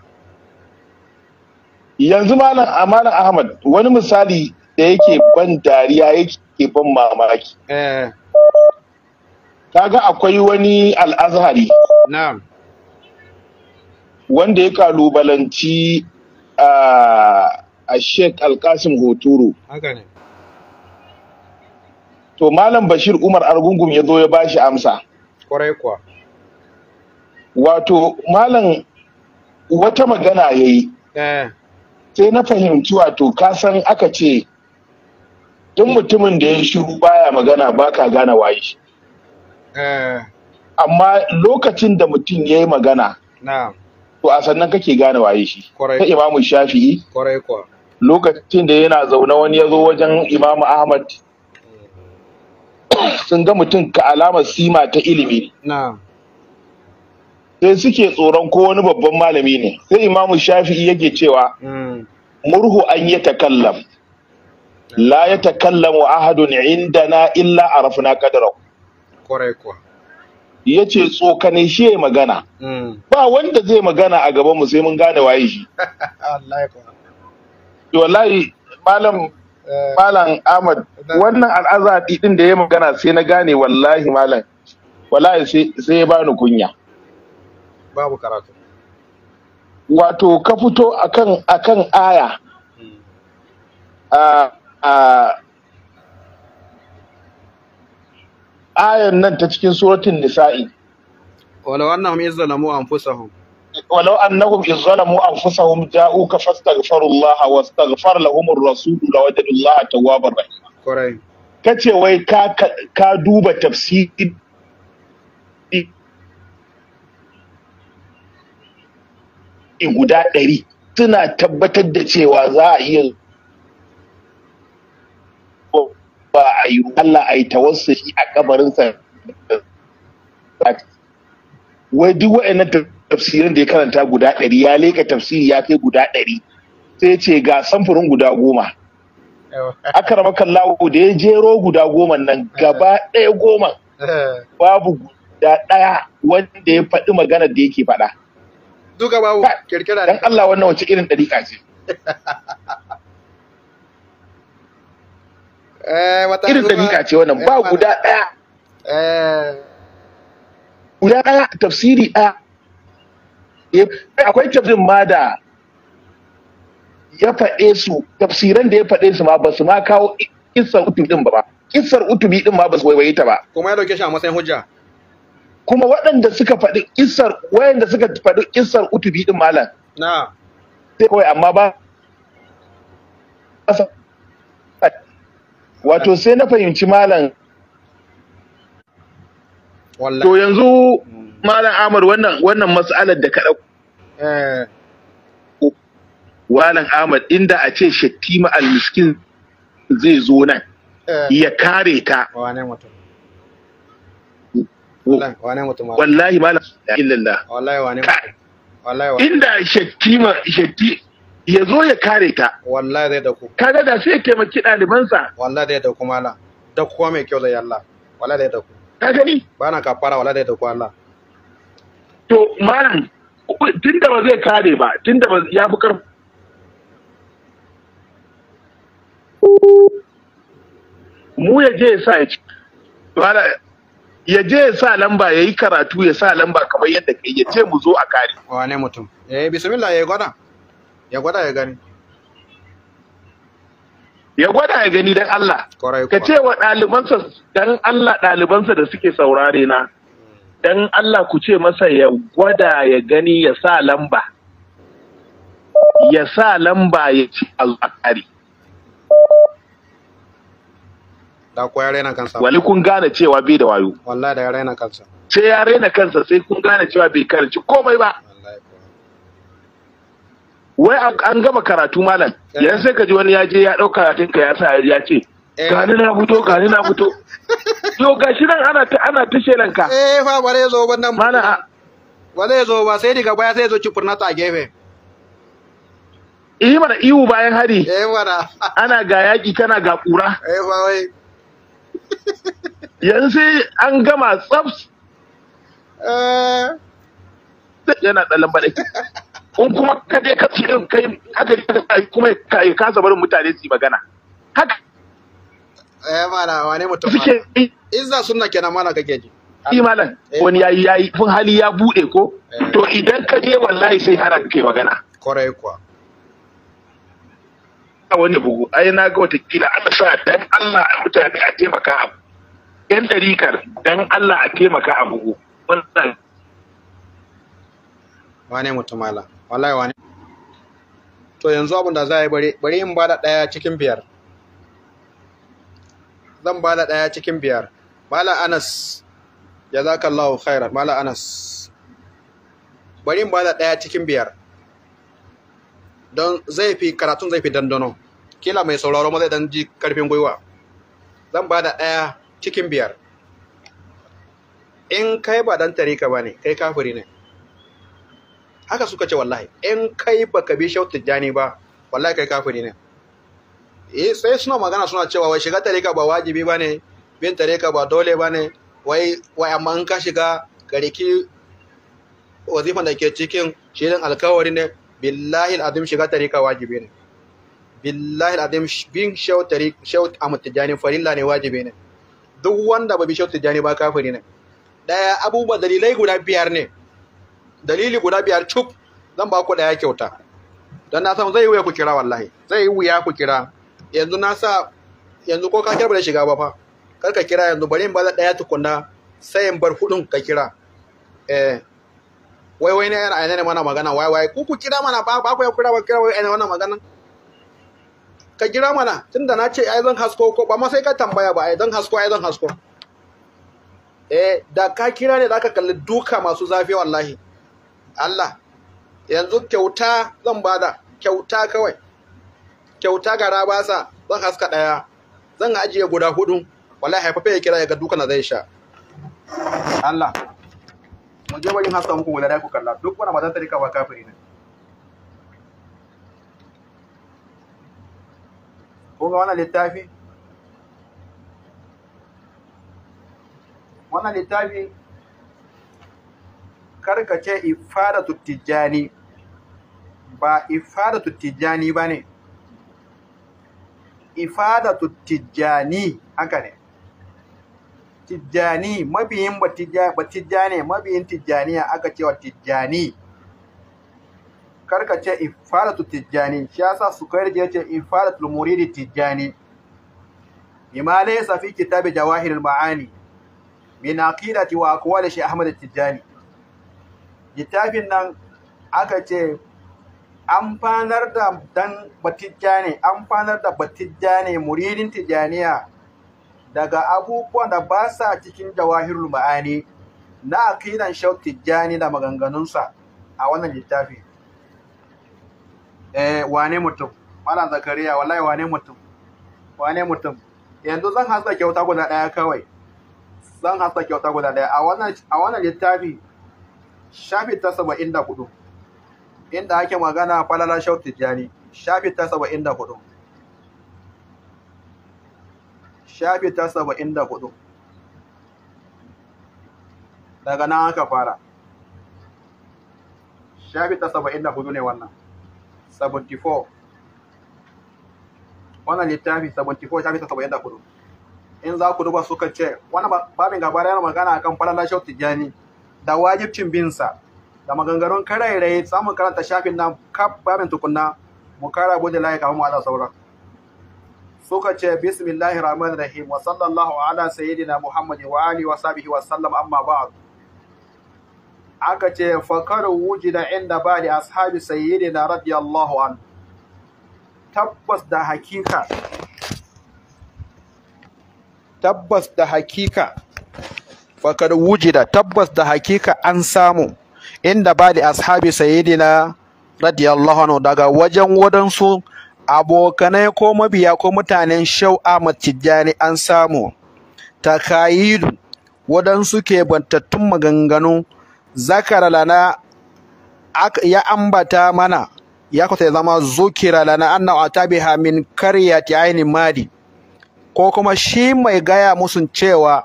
yanzu malam amalan ahmad wani misali da yake ban dariya yake ban mamaki eh. kaga akwai wani al'azhari wanda ya kalubalanci a sheik alkasim hoturu to malam bashir umar argungum ya zo ya bashi amsa kwarai wato malam wata magana ya yi eh. sai na fahimci wato kasan aka ce duk mutumin da ya shiru baya magana baka gane waye eh. amma lokacin da mutum ya yi magana to a sannan kake gane waye shi ta imamu shafi'i lokacin da yana zaune wani ya zo wajen imamu ahmad sun ga mutum ka alamar sima ta ilimi sai suke tsoron ko wani babban malami ne sai imamu shafi'i yake cewa hmm. murhu an ya takallam la ya wa ahadun na illa arafna qadrahu kwarai kuwa ya ce tsokane shi ya magana hmm. ba wanda zai magana a gaban mu sai mun gane waye shi wallahi malam eh. malam ahmad wannan al'azadi din da ya magana sai na gane wallahi malam wallahi sai ya bani kunya babu karatu wato ka fito akan akan aya a hmm. a ah, ah. ayan nan ta cikin suratun nisa'i walau annahum izzalamu anfusahum walau annahum izzalamu ja'u ka fastaghfiru wa astaghfar lahum ar-rasul lawajadu Allah tawwabar rahim kace wai ka ka duba tafsir guda ɗari suna tabbatar da cewa za a iya ba a yi Allah a yi shi a kabarinsa wai duk wa'annan tafsirin da ya karanta guda ɗari ya leka tafsiri ya kai guda ɗari sai ce ga samfurin guda goma aka rama kallawo da ya jero guda goma nan gaba ɗaya goma eh. babu guda ɗaya wanda ya faɗi magana da yake faɗa duka babu kirkira dan Allah wannan wace irin dariƙa ce eh wata irin dariƙa ce wannan ba guda daya eh guda daya eh. tafsiri a akwai tafsirin ma da ya faɗe su tafsiran da ya faɗe su ma ba su ma kawo kissar utubi din ba kissar utubi din ma ba su waiwaye ta ba kuma ya dauke shi a matsayin hujja kuma waɗanda suka faɗi isar wayanda suka faɗi isar utubi din malam na sai kawai amma ba wato sai na fahimci malam to yanzu malam amur wannan wannan mas'alar da kaɗa walan eh. amur inda a ce Shattima al-Miskin zai zo nan eh. ya kare ta wallahi ba la illallah wallahi wane wallahi inda shattima shatti ya zo ya kare ta wallahi zai dauko kaga da sai ya taimaki ɗalibansa wallahi zai dauko mala da kuma mai kyau da yalla wallahi zai dauko ka gani ba na kafara wallahi zai dauko Allah to malam tunda ba zai kare ba tunda ba ya fi karfi mu ya je ya sa ya ci ya je ya sa lamba ya yi karatu ya sa lamba kamar yadda kai ya ce mu zo a kare wane mutum eh bismillah ya gwada ya gwada ya gani ya gwada ya gani dan Allah ka ce wa ɗalibansa dan Allah ɗalibansa da suke saurare na dan Allah ku ce masa ya gwada ya gani ya sa lamba ya sa lamba ya ci a kare da ya raina kansa wali kun gane cewa bai da wayo wallahi da ya raina kansa sai ya raina kansa sai kun gane cewa bai karanci komai ba wai an gama karatu malam eh. yanzu sai ka ji wani ya je ya dauka karatun ka ya sa ya ce eh. gani na fito gani na fito Yo gashi nan ana ta ana ta shelan ka eh fa bare zo ba nan mana ba zai zo ba sai daga baya sai zo cifurna ta gefe Iyi mana iwu bayan hari. Eh mana. Ana ga yaƙi kana ga ƙura. Eh ba wai. yanzu an gama tsaf eh. yana ɗan lambar in kuma ka je ka tsirin kai haka kuma ka kasa barin mutane su yi magana haka eh mala wane mutum suke izza sunna kenan mala kake ji shi malam eh. wani yayi yayi fun hali ya bude ko eh. to idan ka je wallahi sai haran kai magana kwarai kuwa a wani bugu ai na ga watakila ana sa dan Allah a mutane a taimaka a yan ɗarikar dan Allah a taimaka a bugu wannan wane mutum ala wallahi wane to yanzu abin da za a yi bare bare in bada ɗaya cikin biyar zan bada ɗaya cikin biyar mala anas jazakallahu khairan mala anas bari in bada ɗaya cikin biyar don zai fi karatun zai fi dandano kila mai sauraro ma zai dan ji karfin gwiwa zan ba da ɗaya cikin biyar in kai ba dan tarika ba ne kai kafiri ne haka suka ce wallahi in kai ba ka bi shau tijjani ba wallahi kai kafiri ne eh, sai suna magana suna cewa wai shiga tarika ba wajibi ba ne bin tarika ba dole ba ne wai amma in ka shiga ka riki wazifan da ke cikin shirin alkawari ne billahi al'adim shiga tariqa wajibi ne billahi al'adim bin shau tariq shau amtijani farilla ne wajibi ne duk wanda ba bi shau tijani ba kafiri ne daya abubuwa dalilai guda biyar ne dalili guda biyar chup zan ba ku daya kyauta dan na san zai wuya ku kira wallahi zai wuya ku kira yanzu na sa yanzu ko ka kirba da shiga ba fa kar ka kira yanzu bari in ba daya tukunna sai in bar hudun ka kira eh wai wai ne yana ne mana magana wai wai ku ku kira mana ba ba ku ya kira ba kira wai ne mana magana ka kira mana tunda na ce ai zan hasko ko ba ma sai ka tambaya ba ai zan hasko ai zan hasko eh da ka kira ne zaka kalli duka masu zafi wallahi Allah yanzu kyauta zan bada kyauta kawai kyauta gara basa zan haska daya zan ajiye guda hudu wallahi haifafe ya kira ya ga duka na zai sha Allah mu je wajen hasa muku guda ku kalla duk wani maza tarika wa kafiri ne kun ga wannan littafi wannan littafi karkace ifadatu tijani ba ifadatu tijani bane ifadatu tijjani haka ne tijjani mabiyin batijjani mabiyin tijjaniya aka cewa tijjani karka ce ifaratu tijjani shi yasa su kai da ce ifaratu muridi tijjani bima laysa fi kitab jawahir al-ma'ani min aqidati wa aqwali shi ahmad tijjani littafin nan aka ce an fanar da dan batijjani an fanar da batijjani muridin tijjaniya daga abubuwan da ba sa cikin jawahirul ma'ani na aqidan Sheikh Tijjani da maganganunsa a wannan littafi eh wane mutum malam zakariya wallahi wane mutum wane mutum yanzu zan hasa kyauta guda daya kawai zan hasa kyauta guda daya a wannan a wannan littafi shafi ta 74 inda ake magana falala Sheikh Tijjani shafi ta 74 shafi ta saba'in da hudu daga nan aka fara shafi ta saba'in da hudu ne wannan 74 wannan littafi 74 shafi ta saba'in da hudu in za ku duba suka ce Wani babin gaba yana magana kan falala shau tijjani da wajibcin binsa da maganganun karairayi samun karanta shafin nan kaf babin tukunna mu kara bude layi kamar mu ala sauran suka ce bismillahir rahmanir rahim wa sallallahu ala sayyidina muhammadin wa alihi wa sahbihi wa sallam amma ba'd aka ce fakar wujida inda ba da ashabi sayyidina radiyallahu an tabbas da hakika tabbas da hakika fakar wujida tabbas da hakika an samu inda ba da ashabi sayyidina radiyallahu anhu daga wajen wadansu abokanai ko mabiya ko mutanen Shaua Ahmad Tijjani an samu takayidu waɗansu ke bantattun maganganu zakara lana ya ambata mana ya kwata zama zukira lana anna hamin min ta ainin madi ko kuma shi mai gaya musu cewa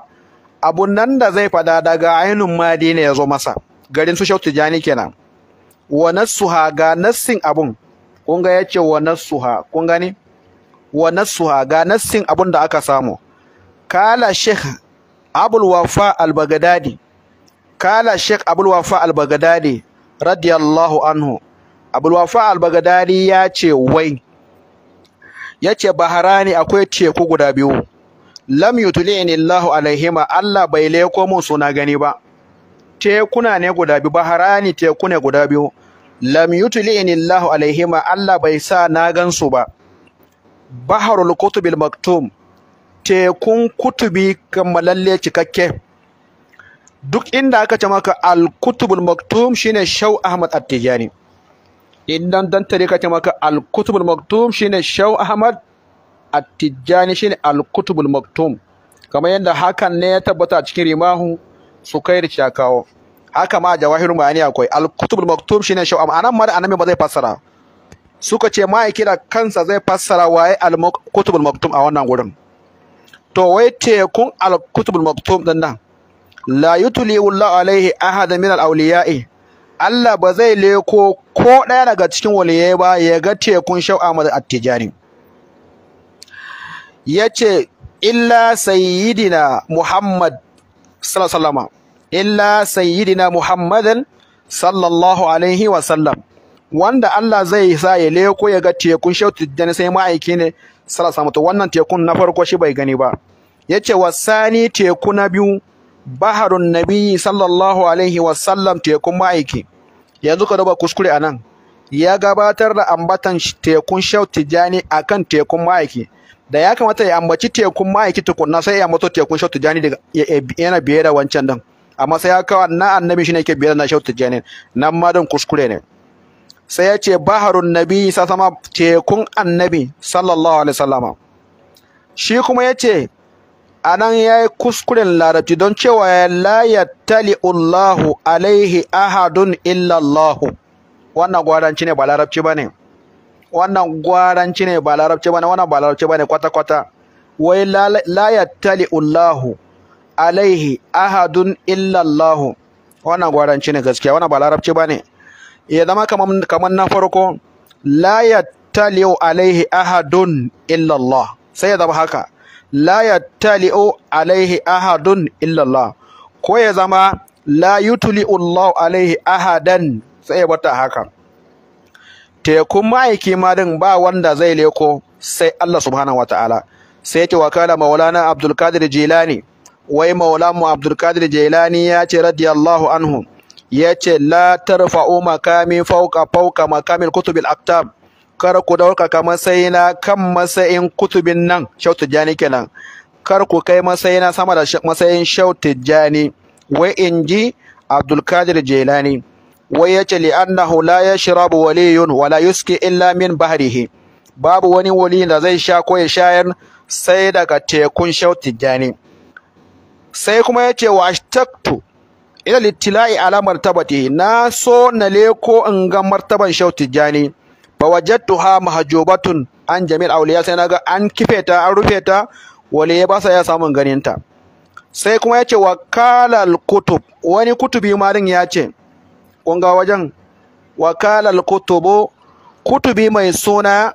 abu nan da zai fada daga ainin madi ne ya zo masa garin su Shehu Tijjani kenan wa nassuha haga nassin abun kun ga ce wa nasuha kun gani wa nasuha ga nassin abin da aka samu kala sheikh abul wafa al bagdadi kala sheikh abul wafa al bagdadi radiyallahu anhu abul wafa al bagdadi ya ce wai ce baharani akwai teku guda biyu lam yutli'ni Allahu alaihima Allah bai leko mun suna gani ba tekuna ne guda biyu baharani teku ne guda biyu lam yutlini Allahu alaihima Allah bai sa na gan su ba baharul kutubil maktum tekun kutubi kammalalle cikakke duk inda aka ce maka al kutubul maktum shine shau ahmad at-tijani idan dan tare ka ce maka al kutubul maktum shine shau ahmad at shine al kutubul maktum kamar yadda hakan ne ya tabbata cikin rimahu sukair shakawo haka ma jawahirun bayani akwai al-kutubul maktub shine shau amma anan mara annabi ba zai fassara suka ce yake da kansa zai fassara waye al-kutubul maktub a wannan gurin to wai tekun al-kutubul maktub din nan la yutli wallahu alaihi ahad min al-awliya'i Allah ba zai leko ko ɗaya daga cikin waliyai ba ya ga tekun shau amma at tijari yace illa sayyidina Muhammad sallallahu alaihi wasallam illa sayyidina Muhammadan sallallahu alaihi wa wanda Allah zai sa ya leko ya ga tekun shautu da sai ma'aiki ne sallallahu alaihi wannan tekun na farko shi bai gani ba yace wasani teku na biyu baharun nabi sallallahu alaihi wa tekun ma'aiki yanzu ka duba kuskure anan ya gabatar da ambatan tekun shautu jani akan tekun ma'aiki da ya kamata ya ambaci tekun ma'aiki tukunna sai ya ambato tekun shautu jani daga yana biye da wancan din amma sai kawai kawo na annabi shine yake biyar na shau tijjani nan ma don kuskure ne sai ya ce baharun nabi sa sama tekun annabi sallallahu alaihi wasallama shi kuma ya ce a nan ya yi kuskuren larabci don cewa ya layatta li'ullahu Allahu alaihi ahadun illallahu wannan gwaranci ne ba larabci ba ne wannan gwaranci ne ba larabci ba ne wannan ba larabci ba ne kwata-kwata wai layatta li'ullahu!' Allahu alaihi ahadun illallahu wannan gwaranci ne gaskiya wannan ba larabci ba ne ya zama kamar na farko la yattali'u alaihi ahadun illallah sai ya zama haka la yattali'u alaihi ahadun illallah ko ya zama la yutli'u allahu alaihi ahadan sai ya bata haka tekun ma'aiki ma din ba wanda zai leko sai Allah subhanahu wataala sai yake wakala maulana abdul qadir jilani wai maulamu abdulkadir jailani ya ce radiyallahu anhu ya ce la tarfa'u makami fauka fauka makamin kutubil aktab kar ku ɗaukaka matsayina kan matsayin kutubin nan shau tijjani kenan kar ku kai matsayina sama da matsayin shau tijjani wai in ji abdulkadir jailani wai ya ce li'annahu la yashrabu waliyun wala yuski illa min bahrihi babu wani wali da zai sha ko ya shayar sai daga tekun shau tijjani sai kuma yace washtaktu ila littila'i ala martabati na so na leko in ga martaban shau tijjani fa ha mahjubatun an jami'il awliya sai naga an kife ta an rufe ta wale ya basa ya samun ganin ta sai kuma yace kalal kutub wani kutubi malin ya ce kun ga wajen kalal kutubu kutubi mai suna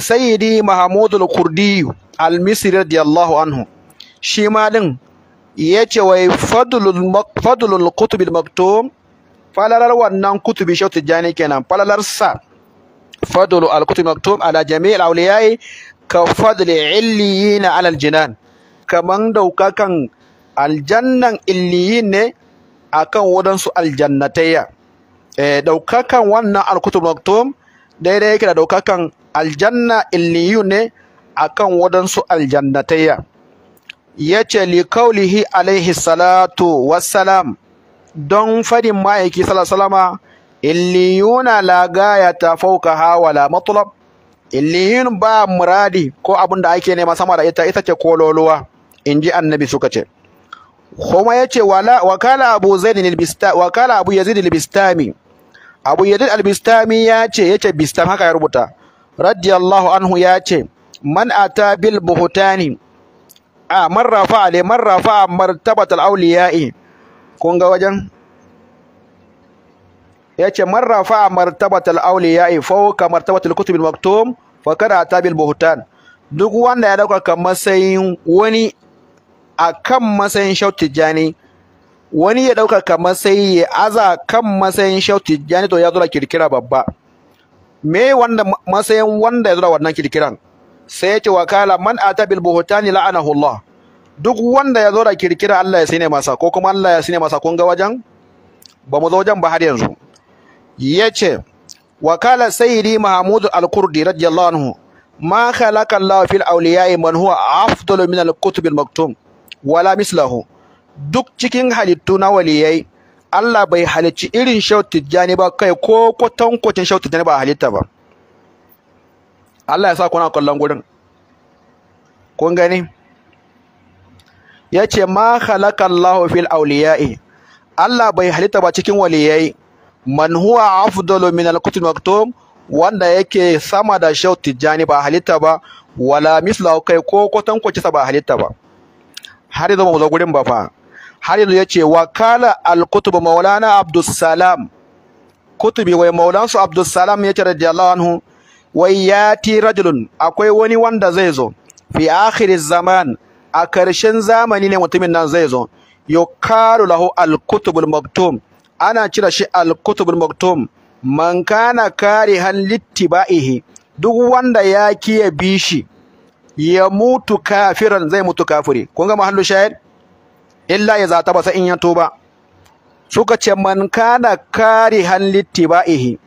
sayyidi mahmudul kurdiyu al-misri radiyallahu anhu shi ma din ya ce wai fadlul kutubil maktum falalar wannan kutubi shau tijjani kenan falalar sa fadlul al kutubil maktum ala jami'il awliyai ka fadli illiyina ala jinan kaman daukakan aljannan illiyin ne akan wadansu aljannataya. eh daukakan wannan al kutubil maktum daidai yake da daukakan aljanna illiyun ne akan wadansu aljannataya. yace li kaulihi alaihi salatu wassalam don fadin ma'aiki sallallahu illiyuna la fauka hawa la matlab illiyun ba muradi ko abin da ake nema sama da ita ita ce kololuwa inji annabi suka ce kuma yace wala wakala abu zaid al-bistami wakala abu yazid al-bistami abu yazid al-bistami yace yace bistam haka ya rubuta radiyallahu anhu yace man ata bil buhtani a marrafa rafa'a ne man rafa'a martabatal auliya'i kun ga wajen yace man rafa'a martabatal auliya'i fawqa martabatal kutubil maktum fa kana atabil buhtan duk wanda ya dauka matsayin wani akan matsayin jani wani ya ɗaukaka matsayi ya aza kan matsayin shauti jani to ya zura kirkira babba me wanda matsayin wanda ya zura wannan kirkiran sai ce wakala man ata bil buhtani la'anahu Allah duk wanda ya zo da kirkira Allah ya sine masa ko kuma Allah ya sine masa kun ga wajen ba mu zo wajen ba har yanzu yace wakala sayyidi mahmud al-kurdi radiyallahu anhu ma khalaqa Allah fil awliya'i man huwa afdalu min al-kutub al-maktum wala mislahu duk cikin halittu na waliyai Allah bai halicci irin shautu jani ba kai ko kwatankwacin shautu jani ba halitta ba Allah ya sa kuna kallon gurin kun gani Ya ce, ma khalaqallahu fil awliya'i Allah bai halitta ba cikin waliyai man huwa afdalu min al-kutub maktum wanda yake sama da shau jani ba halitta ba wala misla kai ko kwatan kwace ba halitta ba har yanzu mu zo gurin ba fa har yanzu ce wa kala al-kutub maulana abdus salam kutubi wai maulansu abdus salam ce radiyallahu anhu wai ya ti rajulun akwai wani wanda zai zo fi akhiriz zaman a karshen zamani ne mutumin nan zai zo yukaru lahu alkutubul maktum ana cire shi alkutubul maktum man kana han littiba'ihi duk wanda ya kiya bishi ya mutu kafiran zai mutu kafiri kun ga mahallu shahid illa ya zata ba sai in ya tuba suka ce man kana han littiba'ihi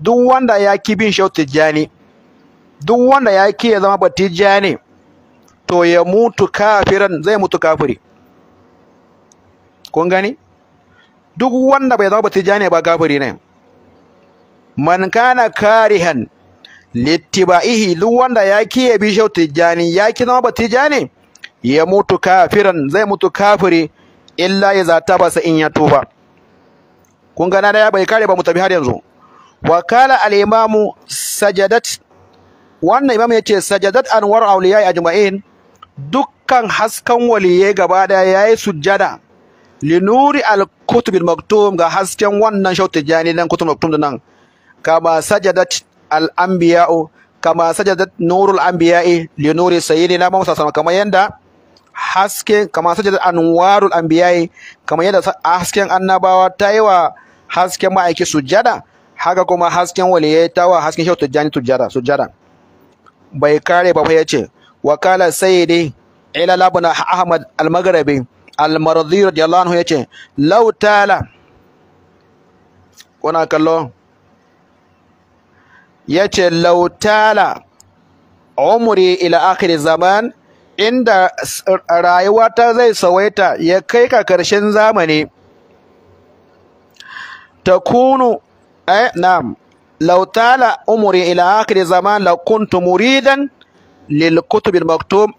duk wanda ya ki bin shau tijjani duk wanda ya ki ya zama batijjani to ya mutu kafiran zai mutu kafiri kun gani duk wanda bai zama batijjani ba kafiri ne man kana karihan littiba'ihi duk wanda ya ki ya bi shau tijjani ya ki zama batijjani ya mutu kafiran zai mutu kafiri illa ya zata basa in ya tuba kun gana da ya bai kare ba mu tafi har yanzu wa kala al-imamu sajadat wannan imamu ce sajadat anwar awliyai ajma'in dukkan haskan waliyai gaba daya yayi sujjada linuri al-kutub maktum ga hasken wannan shautu jani nan kutub maktum nan kama sajadat al-anbiya'u kama sajadat nurul anbiya'i linuri sayyidina Muhammad sallallahu kamar yanda haske kama sajadat anwarul anbiya'i kama yanda hasken annabawa ta yi wa hasken ma'aiki sujjada haka kuma hasken yi tawa hasken shehu tijjani tujjara sujjara bai kare ba ya ce wakala sayyidi ila labuna ahmad al-maghribi al-mardi radiyallahu anhu yace law tala kuna kallo yace law tala umri ila akhir zaman inda rayuwata zai sawaita ya kai ka karshen zamani takunu eh na'am law tala ila akhir zaman la kuntu muridan lil kutub al maktum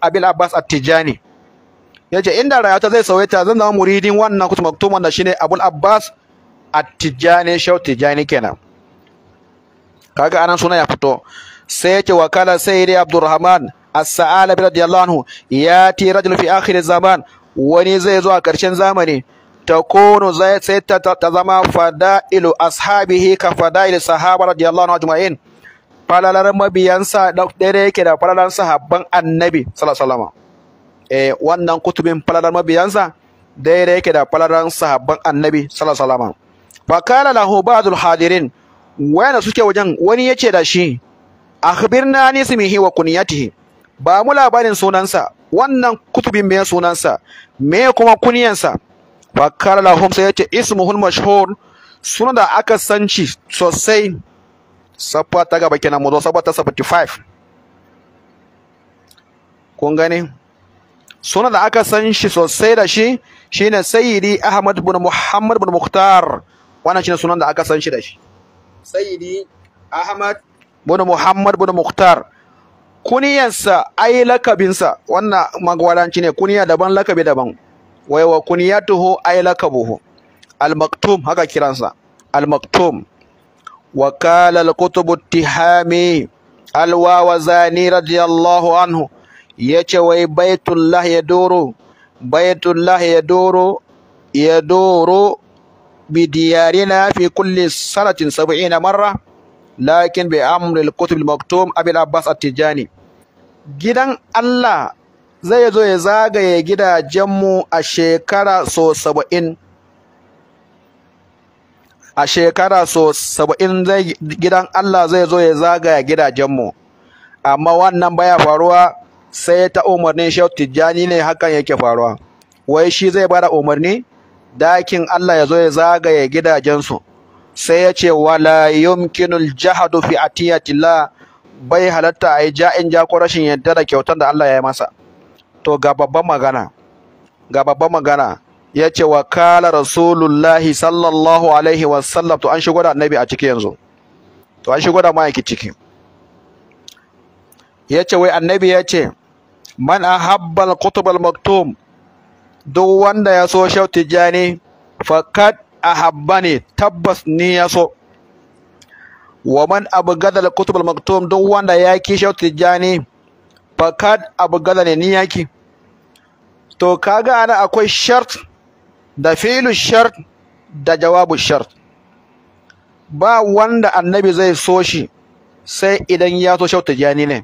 yace inda rayuwata zai sauya zan zama muridin wannan kutub maktum wanda shine abul abbas at-tijani shau tijani kenan kaga anan suna ya fito sai yace wakala sayyidi abdurrahman as-sa'alabi radiyallahu anhu yati rajul fi akhir zaman wani zai zo a karshen zamani takunu zai sai ta zama fada'ilu ashabihi ka fada'ilu sahaba radiyallahu anhu ajma'in falalar mabiyansa da dare yake da falalar sahabban annabi sallallahu eh wannan kutubin falalar mabiyansa dare yake da falalar sahabban annabi sallallahu alaihi wasallam fa kana lahu ba'dul hadirin Wani suke wajen wani yace da shi akhbirna an ismihi wa kunyatihi ba mu labarin sunansa wannan kutubin me sunansa me kuma kunyansa Fakar lahum sai yace ismuhul mashhur sunan da aka san shi sosai safa ta gaba kenan mu zo safa ta 75 kun gane sunan da aka san shi sosai da shi shine sayyidi ahmad bin muhammad bin muhtar wannan shine sunan da aka san shi da shi sayyidi ahmad bin muhammad bin muhtar kuniyansa ai lakabinsa wannan magwaranci ne kuniya daban lakabi daban wa wa kunyatuhu ay lakabuhu al maktum haka kiransa al maktum wa qala al tihami al radiyallahu anhu yace wai baitullah ya doro baitullah ya doro ya doro بديارنا في كل سنة سبعين مرة لكن بأمر الكتب المكتوم أبي العباس التجاني gidan Allah zai zo ya zagaye gidajenmu a shekara so saba'in a shekara so saba'in gidan Allah zai zo ya zagaya gidajenmu amma wannan baya faruwa sai ta umarni shehu tijjani ne hakan yake faruwa wai shi zai bada umarni dakin Allah ya zo ya zagaya gidajensu sai ya ce wala yumkinul jahadu fi atiyatillah bai halatta a yi ja'in ja ko rashin yadda da kyautar da Allah ya yi masa to ga babban magana ga babban magana ya ce wa kala rasulullahi sallallahu alaihi wasallam to an shigo da annabi a ciki yanzu to an shigo da ma'aiki ciki ya ce wai annabi ya ce man a habbal kutubal maktum duk wanda ya so shau tijjani fakat a habba ne tabbas ni ya so wa man abu gadal kutubal maktum duk wanda ya ki shau tijjani fakad gada ne ni yaki to kaga ana akwai shart da filu shart da jawabu shart ba wanda annabi zai so shi sai idan ya so shauta jani ne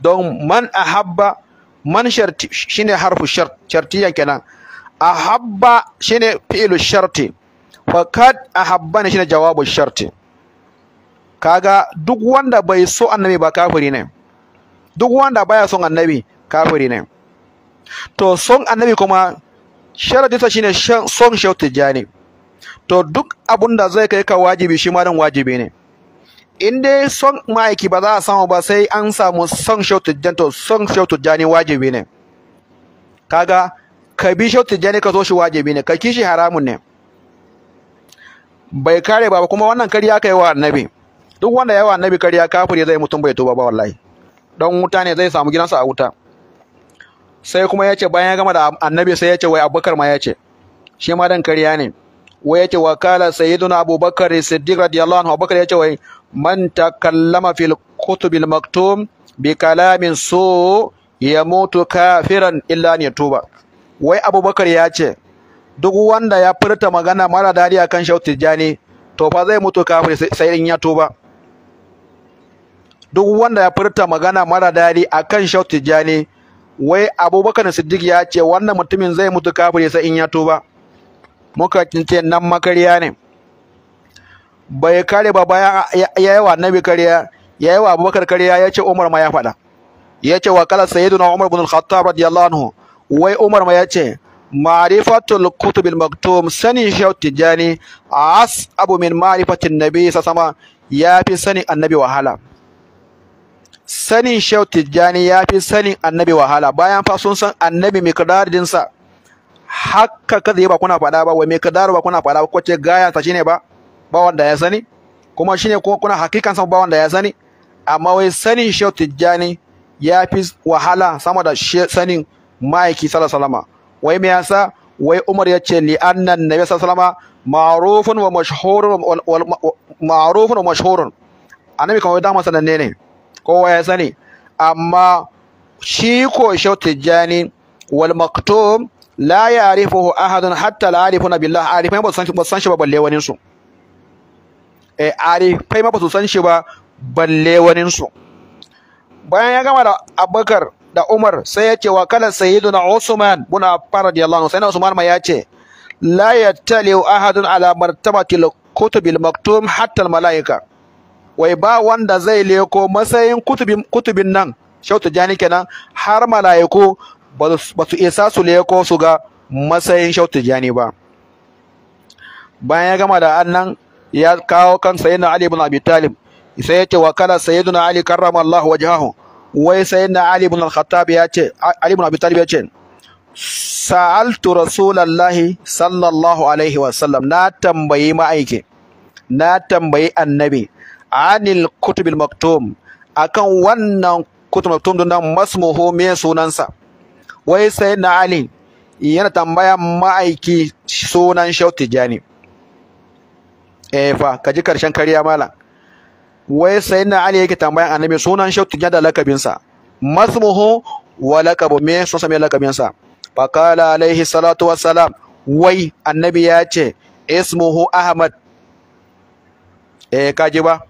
don man ahabba man sharti shine harfu shart shartiyan kenan ahabba shine fi'lu sharti fakad ahabba ne shine jawabu sharti kaga duk wanda bai so annabi ba kafiri ne duk wanda baya son annabi kafiri ne to son annabi kuma sharadinsa shine son shehu ne. to duk abun da zai kai ka wajibi shi ma dan wajibi ne in dai son ma'aiki ba za a samu ba sai an samu son shehu tijjani to son shehu tijjani wajibi ne kaga ka bi shehu ne ka zo shi wajibi ne ka kishi haramun ne bai kare ba kuma wannan kariya kai wa annabi duk wanda yawa annabi kariya kafiri zai mutum bai tuba ba wallahi dan wuta ne zai samu gidansa a wuta sai kuma yace bayan ya gama da annabi sai yace wai abubakar ma yace shi ma dan kariya ne wai yace wa kala sayyiduna abubakar siddiq radiyallahu anhu abubakar yace wai man takallama fil kutubil maktum bi kalamin su yamutu kafiran illa an yatuba wai abubakar yace duk wanda ya furta magana mara dadi kan shautijani to fa zai mutu kafir sai in ya tuba duk wanda ya furta magana mara dadi akan Shehu Tijani wai Abubakar Siddiq ya ce wannan mutumin zai mutu kafire sai in ya tuba muka ce nan makariya ne bai kare ba bayan ya yi wa annabi kariya ya yi wa Abubakar kariya ya ce Umar ma ya faɗa ya ce wa kala sayyiduna Umar al Khattab radiyallahu anhu wai Umar ma ya ce ma'rifatul kutubil maktum sanin Shehu Tijani as abu min ma'rifatin nabi sasama ya fi sanin annabi wahala sanin Shehu Tijjani ya fi sanin annabi wahala bayan fa sun san annabi mikdarin sa haka kada ba kuna faɗa ba wai mikdar ba kuna faɗa ba ko ce gaya ta shine ba ba wanda ya sani kuma shine kuma kuna hakikan san ba wanda ya sani amma wai sanin Shehu Tijjani ya fi wahala sama da sanin Maiki sallallahu wai me yasa wai Umar ya ce li annan nabi sallallahu alaihi wasallam ma'rufun wa mashhurun ma'rufun wa mashhurun annabi kamar da ne, ne kowa ya sani amma shi ko shau tijjani wal maktum la ya'rifuhu ahadun hatta la arifuna billah arifai ba san ba san shi ba balle wani su eh arifai ma ba su san shi ba balle wani su bayan ya gama da Abubakar da Umar sai ya ce wa kana sayyiduna Usman bin Affan radiyallahu anhu na Usman ma ya ce la yattali ahadun ala martabatil kutubil maktum hatta al malaika wai ba wanda zai leko matsayin kutubin nan shautu jani kenan har mala'iku ba su isa su leko su ga matsayin shautu jani ba bayan ya gama da annan ya kawo kan sayyidina ali ibn abi talib sai ya ce wa kala sayyidina ali karrama allah wajhahu wai sayyidina ali ibn al-khattab ya ce ali ibn abi talib ya ce sa'altu rasulallahi sallallahu alaihi wasallam na tambayi ma'aike na tambayi annabi anil kutubil maktum akan wannan kutubil maktum don masmuhu me sunansa wai sai na ali yana tambaya ma'aiki sunan shauti jani eh fa kaji karshen kariya mala wai sai na ali yake tambayan annabi sunan shauti jani da lakabinsa masmuhu wa lakabu me sunansa me lakabinsa fakala alaihi salatu wassalam wai annabi ya ce ismuhu ahmad eh kaji ba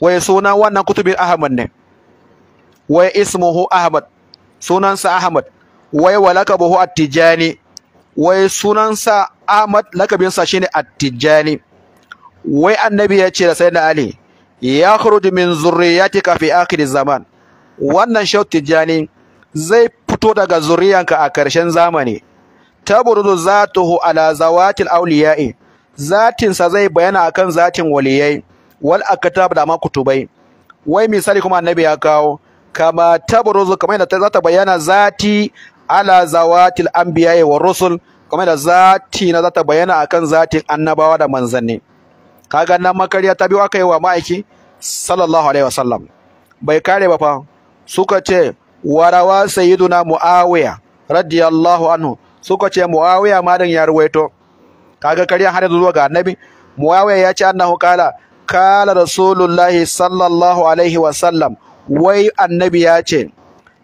wai suna wannan kutubin ahmad ne wai ismuhu ahmad sunansa ahmad wai wa at-tijani wai sunansa ahmad lakabinsa shine at-tijani wai annabi ya ce da sayyidina ali ya khuruju min zurriyatika fi akhir zaman wannan shau tijani zai fito daga zuriyanka a karshen zamani taburudu zatuhu ala zawatil awliya'i zatinsa zai bayana akan zatin waliyai wal akatab da ma kutubai wai misali kuma annabi ya kawo kama tabruzu kamar yadda za ta bayyana zati ala zawatil anbiya wa rusul kamar da zati na za ta bayyana akan zatin annabawa da manzanni kaga nan makariya ta biyo aka yi wa ma'aiki sallallahu alaihi wasallam bai kare ba fa suka ce warawa sayyiduna muawiya radiyallahu anhu suka ce muawiya ma dan ya ruwaito kaga kariya har zuwa ga annabi muawiya ya ce annahu kala kala rasulullahi sallallahu alaihi wasallam wai annabi ya ce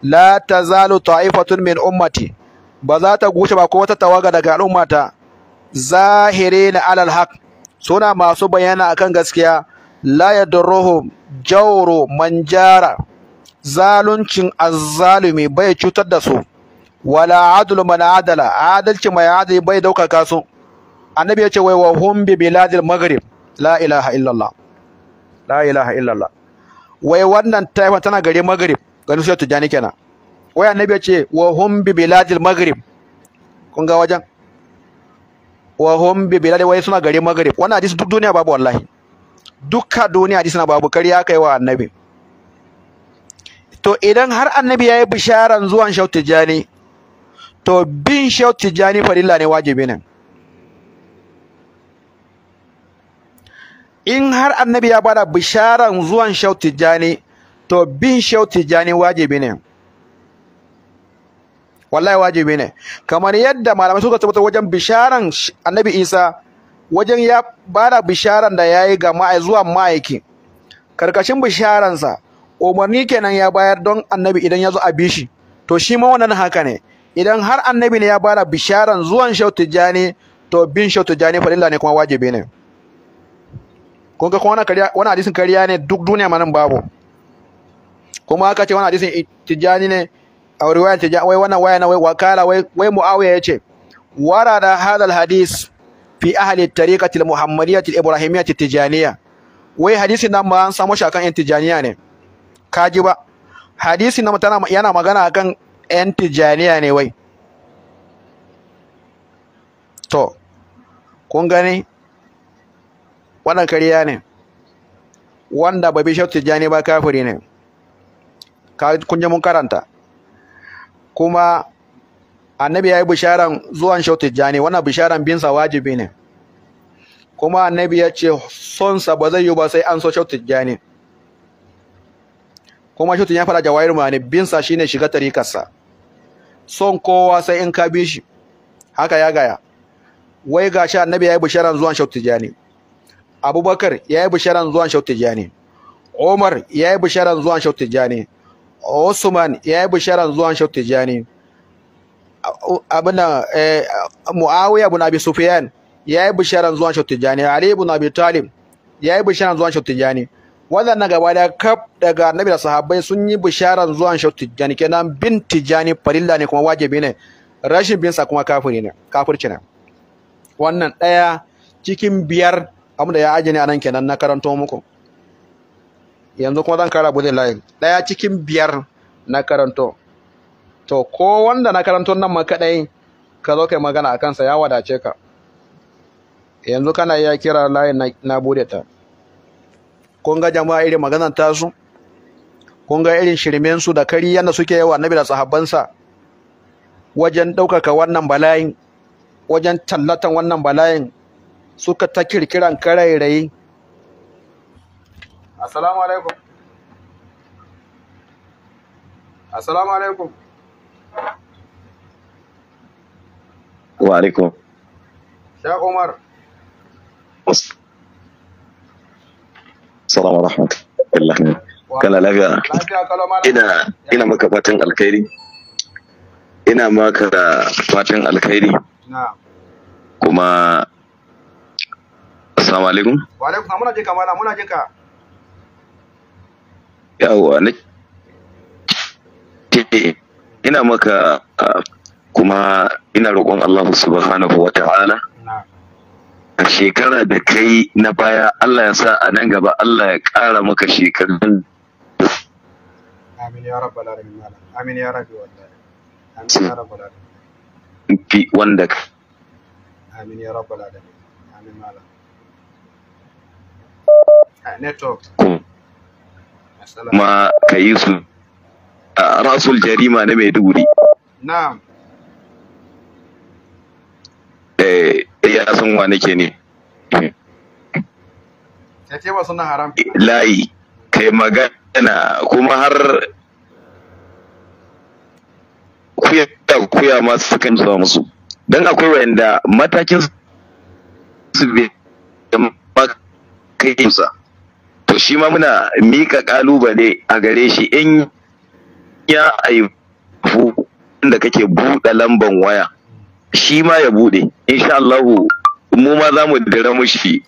la tazalu ta'ifatun min ummati ba za ta gushe ba ko wata tawaga daga al'ummata zahire na alal haq suna masu bayana akan gaskiya la yadurruhum jawru manjara zaluncin azzalumi bai cutar da su wala adlu man adala adalci mai adali bai daukaka su annabi ya ce wai wa hum bi biladil maghrib la ilaha illallah la ilaha illallah wai wannan taifa tana gare magrib garin sai tujani kenan wai annabi ya ce wa hum bi biladil magrib kun ga wajen wa hum bi biladil wai suna gare magrib wannan hadisi duk duniya babu wallahi dukka duniya hadisi na babu kariya kai wa annabi to idan har annabi ya yi bisharan zuwan shautijani to bin shautijani farilla ne wajibi ne in har annabi ya bada bisharan zuwan shau tijjani to bin shau tijjani wajibi ne wallahi wajibi ne kamar yadda malamai suka tabbatar wajen bisharan annabi isa wajen ya bada bisharan da yayi ga ma'ai zuwa ma'aiki karkashin bisharansa umarni kenan ya bayar don annabi idan ya zo a bishi to shi ma wannan haka ne idan har annabi ne ya bada bisharan zuwan shau tijjani to bin shau tijjani lillahi ne kuma wajibi ne kun ga kuma wani hadisin kariya ne duk duniya ma nan babu kuma aka ce wani hadisin tijjani ne a riwayar tijjani wai wannan waya na wai wakala wai ya ce? Wara da hadal hadis fi ahli tariqati al-muhammadiyyah al-ibrahimiyyah tijjaniya wai hadisin nan ma an samu shi akan Tijaniya tijjaniya ne kaji ba hadisin nan yana magana akan yan tijjaniya ne wai to kun gani wannan karya ne wanda babi bi shautu tijjani ba kafiri ne kun ji mun karanta kuma annabi ya yi bisharan zuwan shautu tijjani wannan bisharan binsa wajibi ne kuma annabi ya ce sonsa ba zai yi ba sai an so shautu tijjani kuma shautu ya fara jawahir ma ne binsa shine shiga tarikarsa son kowa sai in ka bi shi haka ya gaya wai gashi annabi ya yi bisharan zuwan shautu tijjani abubakar ya yi bisharan zuwan shau tijjani umar ya yi bisharan zuwan shau tijjani usman ya yi bisharan zuwan shau tijjani abinda eh, Mu'awiyar ibn abi Sufiyan ya yi bisharan zuwan shau tijjani ali ibn abi talib ya yi bisharan zuwan shau tijjani waɗannan gaba da kaf daga annabi da sahabbai sun yi bisharan zuwan shau tijjani kenan bin tijjani farilla ne kuma wajibi ne rashin binsa kuma kafiri ne kafirci ne wannan ɗaya cikin biyar abinda ya ajiye ne a nan kenan na karanto muku yanzu kuma zan kara bude layin ɗaya cikin biyar na karanto to ko wanda na karanto nan makaɗai ka zo kai magana a kansa ya wadace ka yanzu kana iya kira layin na bude ta kun ga jama'a irin maganar tasu kun ga irin su da kari yadda suke yawa annabi da sahabbansa wajen ɗaukaka wannan bala'in wajen tallatan wannan balayin? suka ta kirkiran karairayi assalamu alaikum assalamu alaikum wa alaikum sha umar assalamu rahmatullahi kana lafiya ina ina maka fatan alkhairi ina maka fatan alkhairi Na'am. kuma Assalamu alaikum. Wa alaikum salam muna jinka mala muna jinka. yawa ne ke ina maka kuma ina roƙon Allah subhanahu wa ta'ala a shekara da kai na baya Allah ya sa a nan gaba Allah ya ƙara maka shekarun Amin ya rabbal alamin Amin ya rabbi wallahi Amin ya rabbal alamin wanda Amin ya rabbal alamin Amin malam ma ka yi su a rasul jarima na maiduguri na'am eh ya san wa nake ne ta ce ba suna haram layi kai magana kuma har kuya kuya ma sukan zuwa musu Don akwai wanda matakin su bai kaimusa to shi ma muna mika kalubale a gare shi in ya aifu inda kake buɗe lamban waya shi ma ya buɗe insha Allah mu ma za mu dira mushi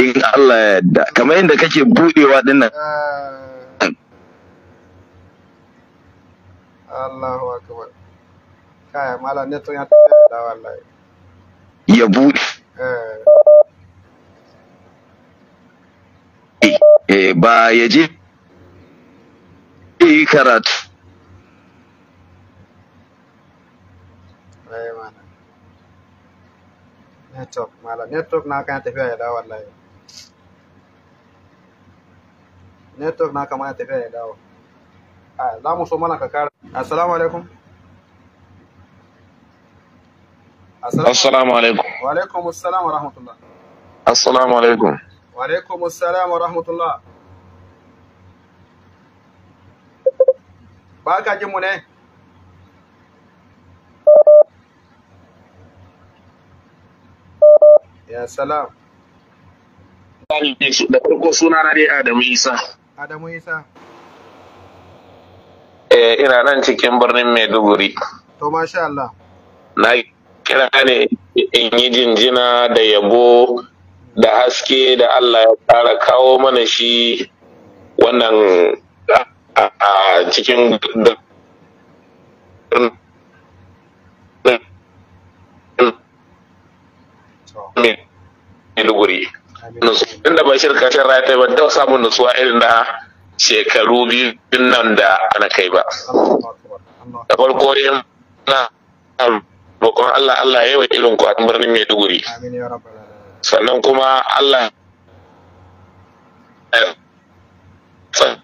in Allah ya yadda kamar yadda kake buɗewa din nan eh. Allahu akbar kaya mala ne ya tafi da wallahi ya buɗe eh. ba ya je karatu network malam network na kan tafiya ya dawo wallahi network na kama ya tafiya ya dawo a ah, za mu so mana ka kara assalamu alaikum assalamu alaikum wa alaikum assalam wa rahmatullah assalamu alaikum wa alaikum assalam wa rahmatullah baka ji mu ne ya salam da farko suna na dai Adamu Isa Adamu Isa eh ina nan cikin birnin Maiduguri to masha Allah na kira ne in yi jinjina da yabo da haske da Allah ya ƙara kawo mana shi wannan a cikin Maiduguri. Inda ba shirka shan raya ba da samun nutsuwa irin na shekaru biyu nan da ana kai ba. Da farko yin na roƙon Allah Allah ya yi irin ku a birnin Maiduguri. Sannan kuma Allah ya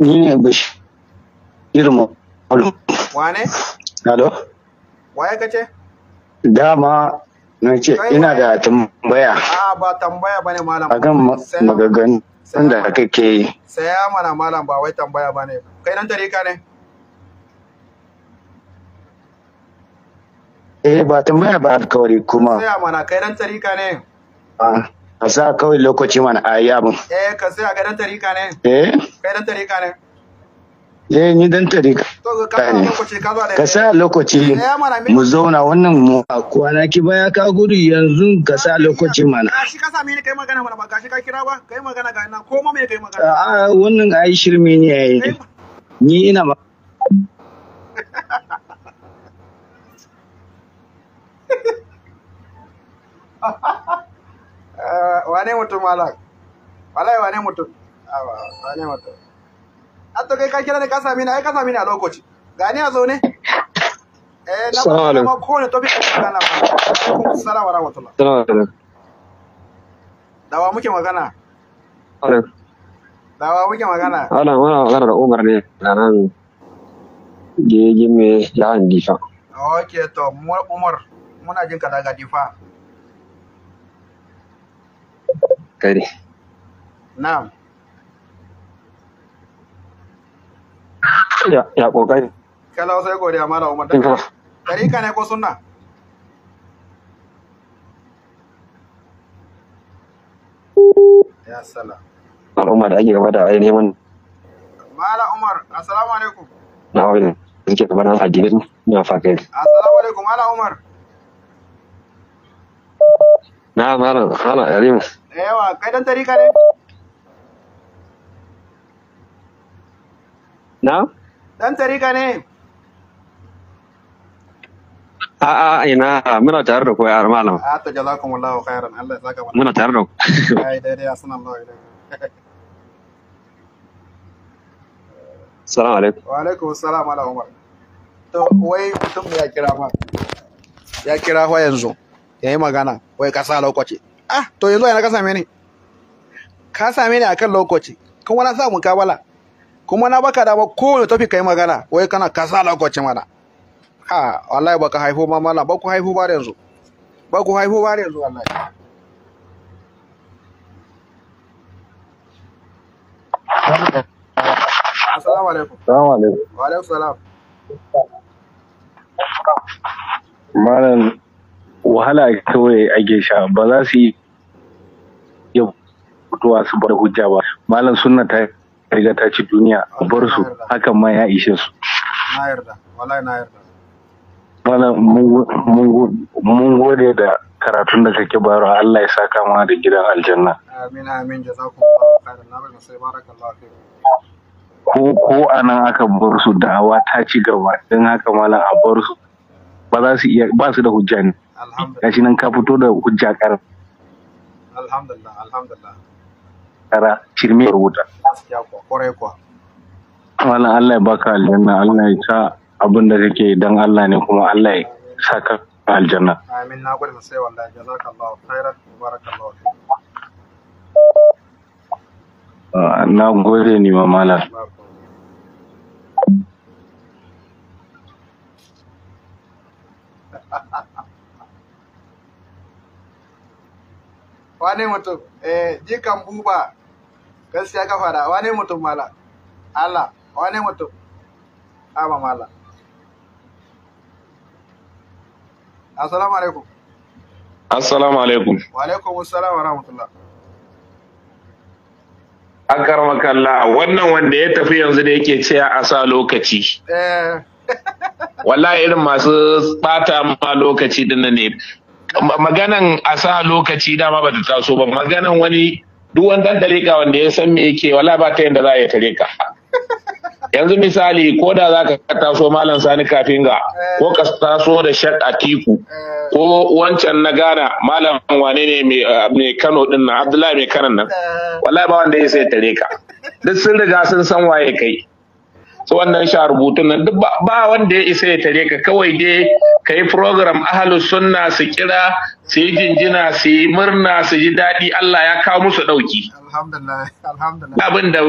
Ni ne Bashir Maulud. Wane? Alo. Waye ka ce? Dama na ce ina da tambaya. A ba tambaya ba ne malam. Akan magagan yi. Saya mana malam ba wai tambaya ba ne. Kai tarika ne? Eh ba tambaya ba alkawari kuma. Saya mana kai tarika ne? Ah. a sa kawai lokaci mana a yi abin eh ka sai a gadon tarika ne eh Gadon tarika ne eh ni dan tarika To, ka sa lokaci eh, mu zauna wannan mu a kwana ki baya ka gudu yanzu ka sa lokaci mana shi ka sami ni kai magana mana ba gashi ka kira ba kai magana ga ina ko ma me kai magana a ah, ah, wannan ai shirme ne yayi ni ina ma ha ha ha Eh, wane mutum alak wallahi wane mutum wane mutum a ah, to kai ka kira ne ka sami ni ai ka sami ni a lokaci gani a zaune eh na kuma kowane topic ka kana ba assalamu wa rahmatullah assalamu alaikum dawa muke magana dawa muke magana ana mana magana da Umar ne da nan gege me ya difa okay to Umar muna jin ka daga difa kare na'am ya ya kokari kala sai godiya mala umar da kare ka ne ko sunna ya sala Umar da ake gaba da ainihin mala umar assalamu alaikum Na'am. wani suke kamar addinin na fakai assalamu alaikum mala umar na malam ana yarim da yawa kai dan tarika ne na dan tarika ne A'a ina muna tare da koyar malam. A ah, ta jazakumullahu khairan Allah ya saka Muna tare da ku. Ai daidai ya sanan Wa wai mutum ya kira ma. Ya kira yanzu. ya yi magana wai ka sa lokaci ah to yanzu yana ka same ni ka same ni akan lokaci kuma na sa kabala kuma na baka dama ne tafi ka yi magana wai kana ka sa lokaci mana ha wallahi baka haifo ma mala ba ku haifo ba yanzu ba ku haifo ba yanzu wallahi Assalamu alaikum. Assalamu alaikum. Wa alaikum salam. Malam wahala kawai ake sha ba za su yi ya fitowa su bar hujja ba malam sunna ta riga ta ci duniya bar su hakan ma ya ishe su malam mun gode da karatun da kake bayarwa Allah ya saka kama da gidan aljanna amin amin ko a nan aka bar su da'awa ta ci gaba don haka malam a bar su ba za su iya ba su da hujja ne gashi nan ka fito da hujja kar alhamdulillah alhamdulillah kara shirme rubuta kwarai Allah ya baka aljanna Allah ya sa abin da kake dan Allah ne kuma Allah ya sa ka aljanna ah, na gode ni ma malam wane mutum eh jikan buba gaskiya ka fara wane mutum mala Allah wane mutum aba mala assalamu alaikum assalamu alaikum wa alaikum assalam wa rahmatullah akar makalla wannan wanda ya tafi yanzu da yake cewa a sa lokaci eh wallahi irin masu bata ma lokaci din ne maganan a sa lokaci dama ba ta taso ba maganan wani duk wani dan tarika wanda ya san me yake wala ba ta yanda za ya tare ka yanzu misali ko da za ka taso malam sani kafin ga eh. ko ka taso da shak a tiku eh. ko wancan na gana malam wane ne mai eh, kano din abdullahi mai kanan nan wala ba wanda ya sai tare duk sun riga sun san waye kai su wannan sha rubutun nan duk ba wanda ya isa ya tare ka kawai dai ka yi program ahalu sunna su kira su yi jinjina su yi murna su ji daɗi Allah ya kawo musu ɗauki. Abin da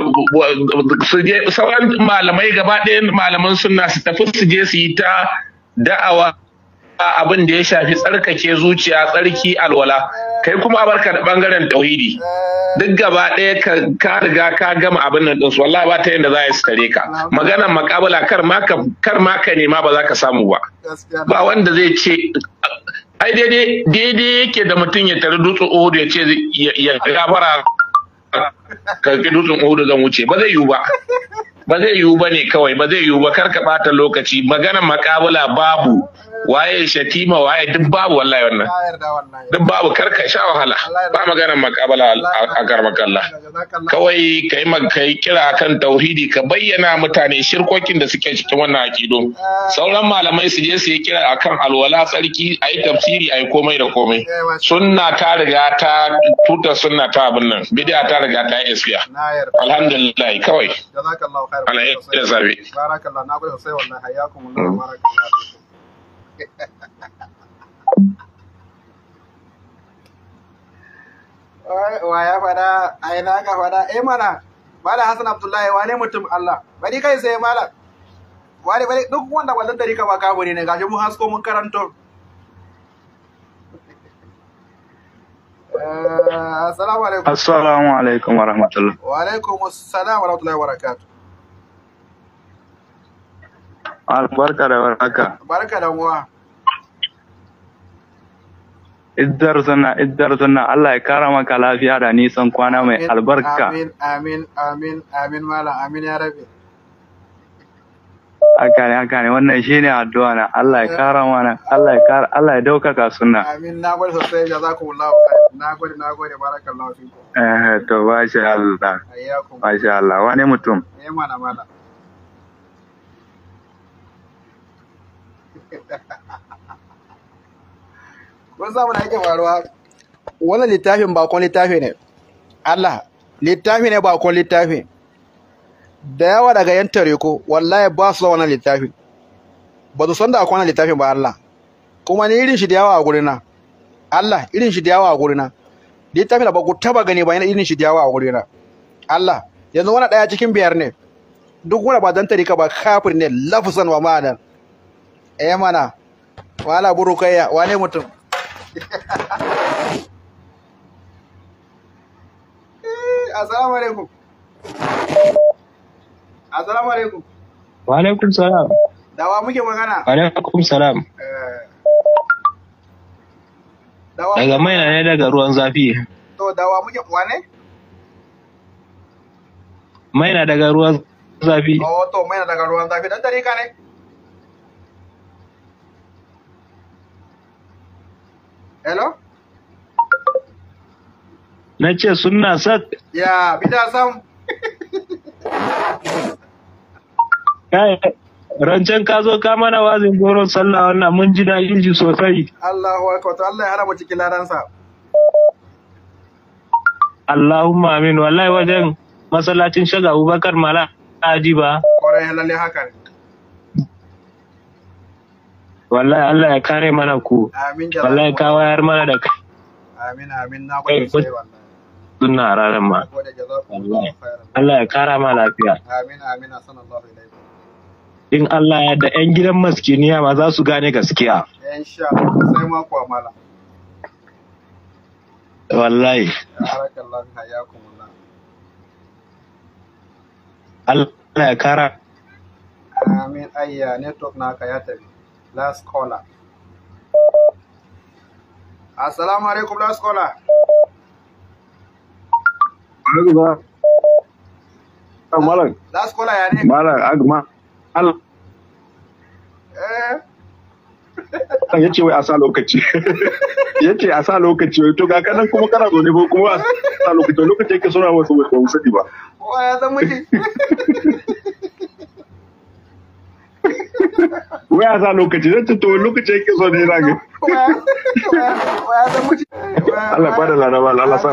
su je sauran malamai gaba ɗaya malaman sunna su tafi su je su yi ta da'awa abin da ya shafi tsarkake zuciya tsarki alwala kai kuma a barka da bangaren tauhidi duk gaba ɗaya ka riga ka gama abin nan ɗinsu wallahi ba ta yadda za a tare ka maganar makabala kar ma ka nema ba za ka samu ba ba wanda zai ce ai daidai yake da mutum ya tare dutsen ohudu ya ce ya gafara ka dutsen Odu zan wuce ba zai yiwu ba ba zai yiwu ba ne kawai ba zai yiwu ba kar ka bata lokaci magana makabula babu waye shatima waye duk babu wallahi wannan duk babu kar sha wahala ba magana makabula a Allah kawai kai kai kira kan tauhidi ka bayyana mutane shirkokin da suke cikin wannan aqido eh. sauran malamai su je su yi kira akan alwala tsarki ayi tafsiri ayi komai da komai eh, sunna ta riga ta tuta sunna ta abin nan bid'a ta riga ta yi alhamdulillah kawai khair wa ya fada ai na ka fada eh mana Malam Hassan Abdullahi wane mutum Allah bari kai sai malam wani bari duk wanda wannan dari ka baka bane ne gashi mu hasko mun karanto eh, assalamu alaikum assalamu alaikum wa warahmatullahi wa alaikum assalam wa wabarakatuh Albarka da warhaka. Barka da uwa. Iddar suna, iddar suna, Allah ya kara maka lafiya da nisan kwana mai albarka. Amin, amin, amin, amin, malam, amin ya rabe. Haka ne, haka ne, wannan shi ne addu'a na Allah ya eh, kara mana, Allah ya kara, Allah ya daukaka suna. Amin, na gode sosai, da za ku lafi, na gode, na gode, barakan lafi. Eh, to, ba shi Allah, ba shi Allah, wani mutum. Eh, mana, mana. kun samu da yake faruwa wannan littafin bakon littafi ne Allah littafi ne bakon littafi da yawa daga yan tareko wallahi ba su wannan littafi ba su san da akwai wannan littafin ba Allah kuma ni irin shi da yawa a gurina Allah irin shi da yawa a gurina littafin da ba ku taba gani ba yana irin shi da yawa a gurina Allah yanzu wani daya cikin biyar ne duk wani ba dan tarika ba kafir ne lafsan wa ma'anar eh mana wala buru kaya, wane mutum eh, assalamu alaikum assalamu alaikum wa alaikum salam dawa muke magana wa alaikum salam eh. daga mai ne daga ruwan zafi to dawa muke wane mai na daga ruwan zafi oh to mai na daga ruwan zafi dan dare ka ne hello na ce suna sak ya bida sam Kai, rancen ka zo ka mana wazin goron sallah wannan mun ji daɗin ji sosai Allahu akbar to Allah ya raba cikin ladansa Allahumma amin wallahi wajen masallacin shaga Abubakar Mala Adi ba kwarai lalle haka ne wallahi Allah ya kare mana ku wallahi ka wayar mana da kai amin amin na gode sai wallahi sunna ranar ma Allah ya kara ma lafiya amin amin sallallahu alaihi in Allah ya da yan gidan maskiniya ma za su gane gaskiya insha Allah sai ma ku amala wallahi Allah ya kara amin ayya network naka ya tafi last caller assalamu alaikum last caller last caller ya ne malam agma al eh ya ce wai a sa lokaci ya ce a sa lokaci to ga kanan kuma kana zo ne kuma a sa lokaci lokaci yake suna wasu wasu sani ba ya zama ne waya sa lokaci zai ci to lokaci yake so ne na ga Allah fada laraba Allah sa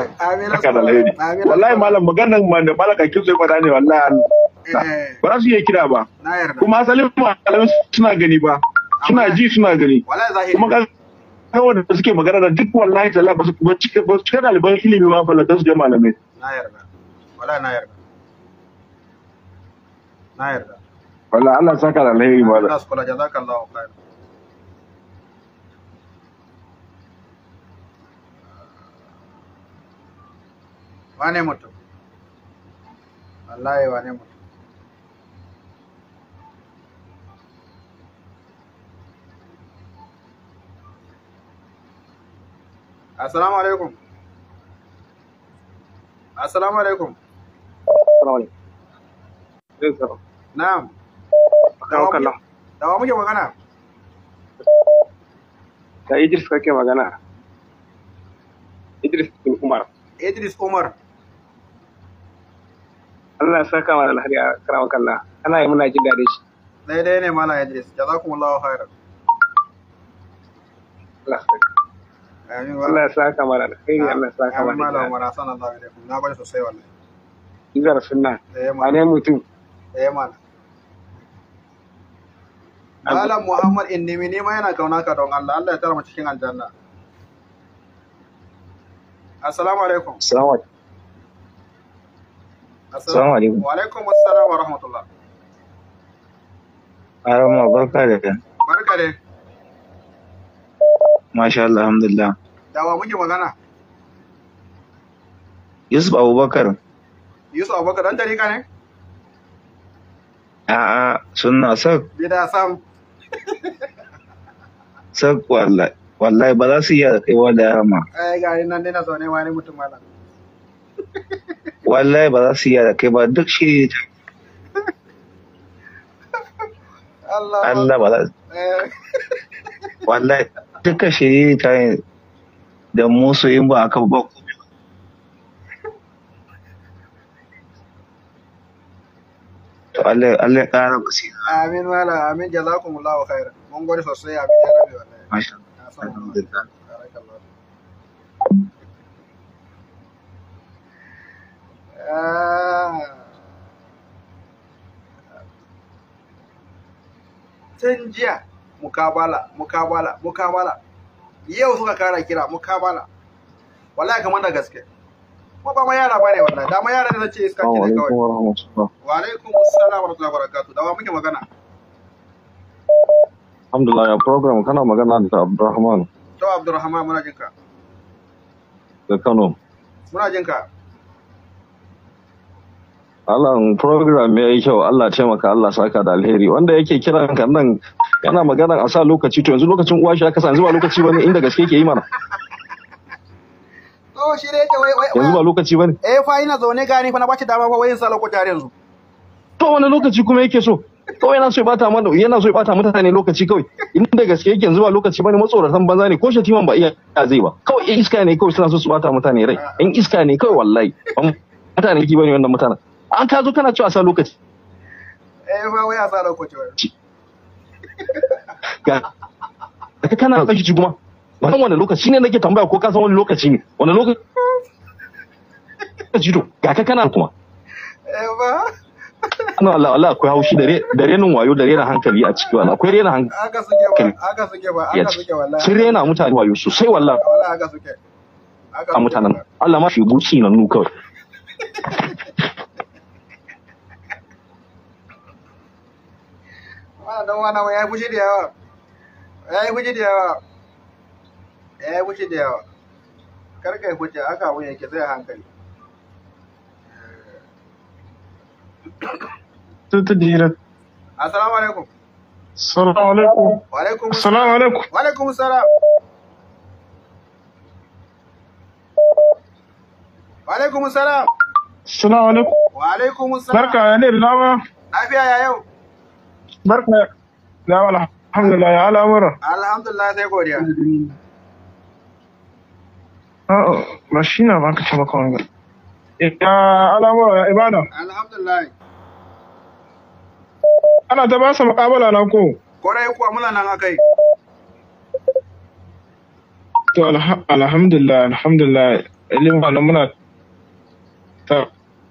da alheri wallahi malam da malaka kin sai kwada ne wallahi eh. ba za su iya kira ba kuma asalin malamai suna gani ba suna ji suna gani kuma ka kawai da suke magana da duk wallahi tala ba su kuma cika ɗaliban ilimi ma su je malamai na yarda na Wala Allah saka da alheri Wane mutum? Wallahi wane mutum? Assalamu alaikum. alaikum. alaikum. Na'am. Dawa Dawa muke magana. Idris magana. Idris bin Umar. Idris Umar. Allah saka mana a karawa kalla. Ana yi muna jin daɗin shi. Daidai ne mala Idris. Jazakumullahu khairan. Allah saka. Allah ya saka mana alheri Allah ya saka mana. Na bari sosai wallahi. Izar sunna. Eh mutum. Eh Malam Muhammad in nemi nema yana kauna ka don Allah Allah ya tara mu cikin aljanna Assalamu alaikum Assalamu Assalamu alaikum Wa alaikum assalam wa rahmatullah Arama barka da ka Barka da Masha Allah alhamdulillah Dawa muke magana Yusuf Abubakar Yusuf Abubakar dan dare ka ne A'a sunna sak Bida sam sak wallahi wallahi ba za su iya kaiwa da yama ai ga nan dai na zaune wani mutum malam wallahi ba za su iya da kai ba duk shi Allah ba eh. wallahi duka shiri ta da musu in ba aka ba to Allah Allah ya ƙara basira amin wala amin jazakumullahu khairan mun gode sosai a bidiyon rabe wallahi ah. tun jiya mukabala mukabala mukabala yau suka kara kira mukabala wallahi kamar da gaske ko ba ma yara ba ne wallahi da ma yara da nace iska ne kawai wa alaikum assalam wa rahmatullahi wa barakatuh da wa muke magana Alhamdulillah ya program kana magana da Abdurrahman. To Abdurrahman muna jinka. Da Kano. Muna jinka. Allah program ya yi kyau Allah taimaka Allah saka da alheri wanda yake kiran ka nan kana magana a sa lokaci to yanzu lokacin uwa shi aka sa yanzu ba lokaci bane inda gaske ke yi mana. To shi dai wai wai yanzu ba lokaci bane. Eh fa ina zaune gani fa na bace dama fa wayin sa lokaci har yanzu. To wani lokaci kuma yake so? kawai yana so ya bata mana yana so ya bata mutane lokaci kawai inda gaske yake yanzu lokaci bane matsoratan banza ne ko shatiman ba iya zai ba kawai in iska ne kawai suna so su bata mutane rai in iska ne kawai wallahi mutane yake bane wannan mutanen an ka zo kana cewa sa lokaci eh ba wai a sa lokaci ga ka kana da ci kuma wannan wani lokaci ne nake tambaya ko ka san wani lokaci ne wani lokaci ga ka kana kuma eh ba ana Allah Allah akwai haushi da renin wayo da renin hankali a ciki wala akwai renin hankali aka suke aka suke ba aka suke wallahi rena mutane wayo sosai wallahi wallahi aka suke a mutanen Allah ma shi buci nan nu kawai wala dan wana ya guje da yawa ya guje da yawa ya guje da yawa kar kai aka wuya ke zai hankali ta jira assalamu alaikum assalamu alaikum wa alaikum assalamu alaikum wa alaikum assalam wa alaikum assalam assalamu alaikum wa alaikum assalam barka ya ne lawa lafiya ya yau barka ya wala alhamdulillah ya al'amura alhamdulillah sai godiya a'a ah, oh, ba shi na ba ka ci ba kawai ba ya al'amura ya ibada alhamdulillah ana ta ba sa muƙabala na ko kwarai kuwa muna nan akai to alhamdulillah alhamdulillah ilimin wannan muna ta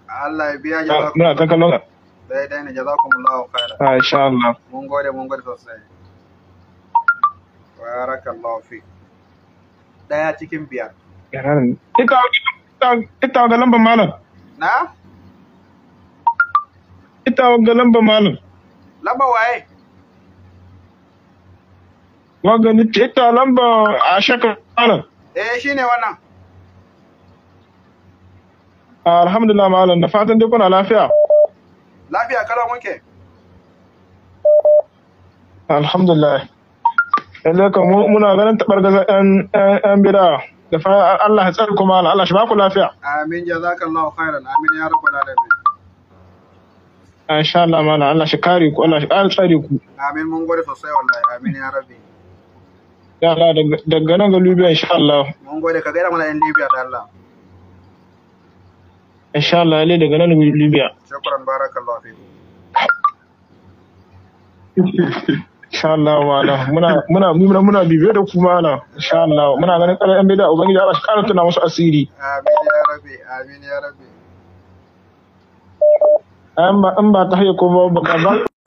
Allah ya biya jazakum muna ta kallon dai dai ne jazakumullahu khairan ha ah, insha Allah mun gode mun gode sosai barakallahu fi daya cikin biyar ita ita ga lambar malam na ita ga lambar malam lamba waye magani ita lamba a shakar eh shine wannan alhamdulillah malam da fatan dai kuna lafiya lafiya kada muke alhamdulillah lalle kan muna ganin tabar gaza yan bida da fa Allah ya tsare kuma Allah shi ba ku lafiya amin jazakallahu khairan amin ya rabbal alamin Ah, insha Allah malam Allah shi kare ku Allah shi ƙara tsare ku amin mun gode sosai wallahi amin ya rabbi ya Allah daga nan ga Libya insha Allah mun gode ka gaira mana yan Libya da Allah insha Allah lai daga nan Libya shukran barakallahu fi insha Allah wala muna muna muna muna bibiye da ku malam insha Allah muna ganin ƙarar yan bida ubangiji Allah shi ƙara tuna musu asiri amin ya rabbi amin ya rabbi in ba ta hanyar kuma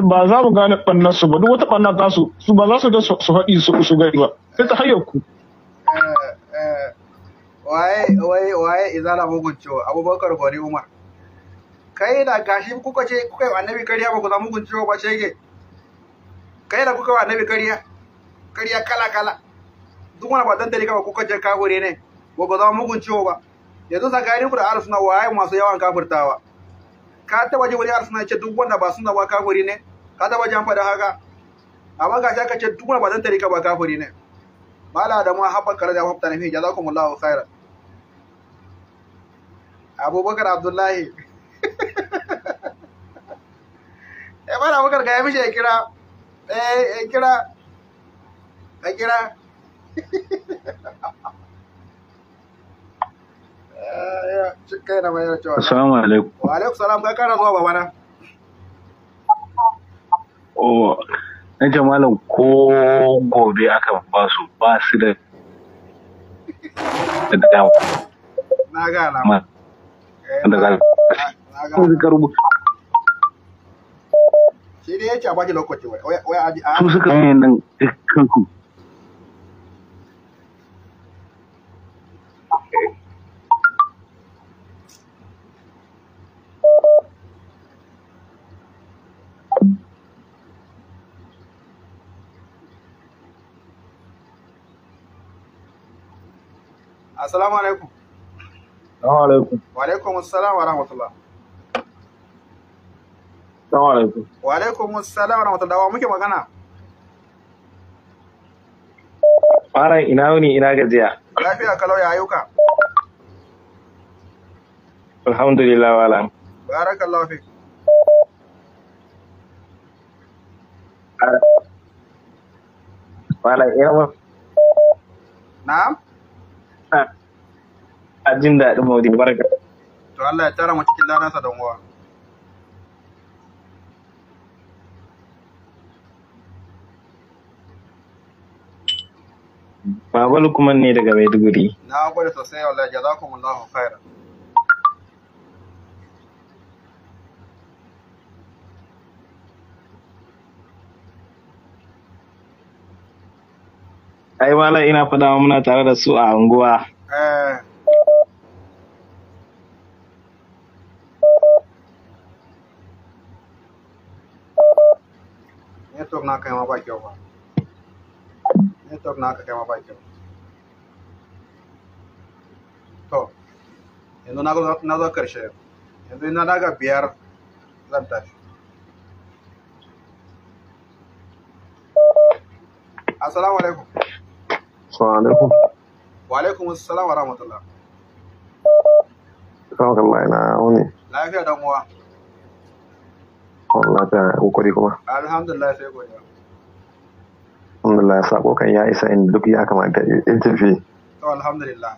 ba za mu gane ɓannan su ba duk wata ɓanna ta su su ba za su ga su faɗi su su gari ba sai ta hanyar ku. Eh, eh, waye waye waye izala mugun ciwo abubakar gori umar kai da gashi kuka ce kuka yi annabi kariya ba ku za mugun ciwo ba shege kai da kuka yi annabi kariya kariya kala kala duk wani ba dandali kawai kuka je kafure ne ba ku za mugun ciwo ba yanzu tsakanin ku da arsuna waye masu yawan kafurtawa ka taba ji wani suna ce duk wanda ba suna ba kafiri ne ka ta ji an faɗa haka amma ga aka ce duk wanda ba zan tarika ba kafiri ne mala da mu habban kare da hafta nafi jazakumullahu khairan abubakar abdullahi eh mala abubakar ga ya mishi ya kira eh ya kira ya kira kai na assalamu alaikum wa alaikum salam zuwa babana oh ɗan ko gobe aka ba su ba su da na ga eh, a baki lokaci wai su suka yi nan dukkan ku assalamu alaikum assalamu alaikum wa alaikum assalam wa rahmatullah assalamu alaikum wa alaikum assalam wa rahmatullah wa muke magana Maran ina wuni ina gajiya. Lafiya kalau ya ayyuka. Alhamdulillah wala. Barakallahu fik. Wala yawa. Na'am. Ah. ina jin daɗin maudi barka to Allah ya tara mu cikin lanasa dan uwa Baba kuma ne daga Maiduguri. Na gode sosai wallahi jazakumullahu khairan. ai malam ina fada muna tare da su a unguwa. Eh. na kai ma ba kyau ba wa alaikum wa alaikum assalam wa rahmatullah lafiya dan uwa lafiya kokari kuma alhamdulillah sai godiya alhamdulillah sako kan ya isa inda duk ya kamata in tafi to alhamdulillah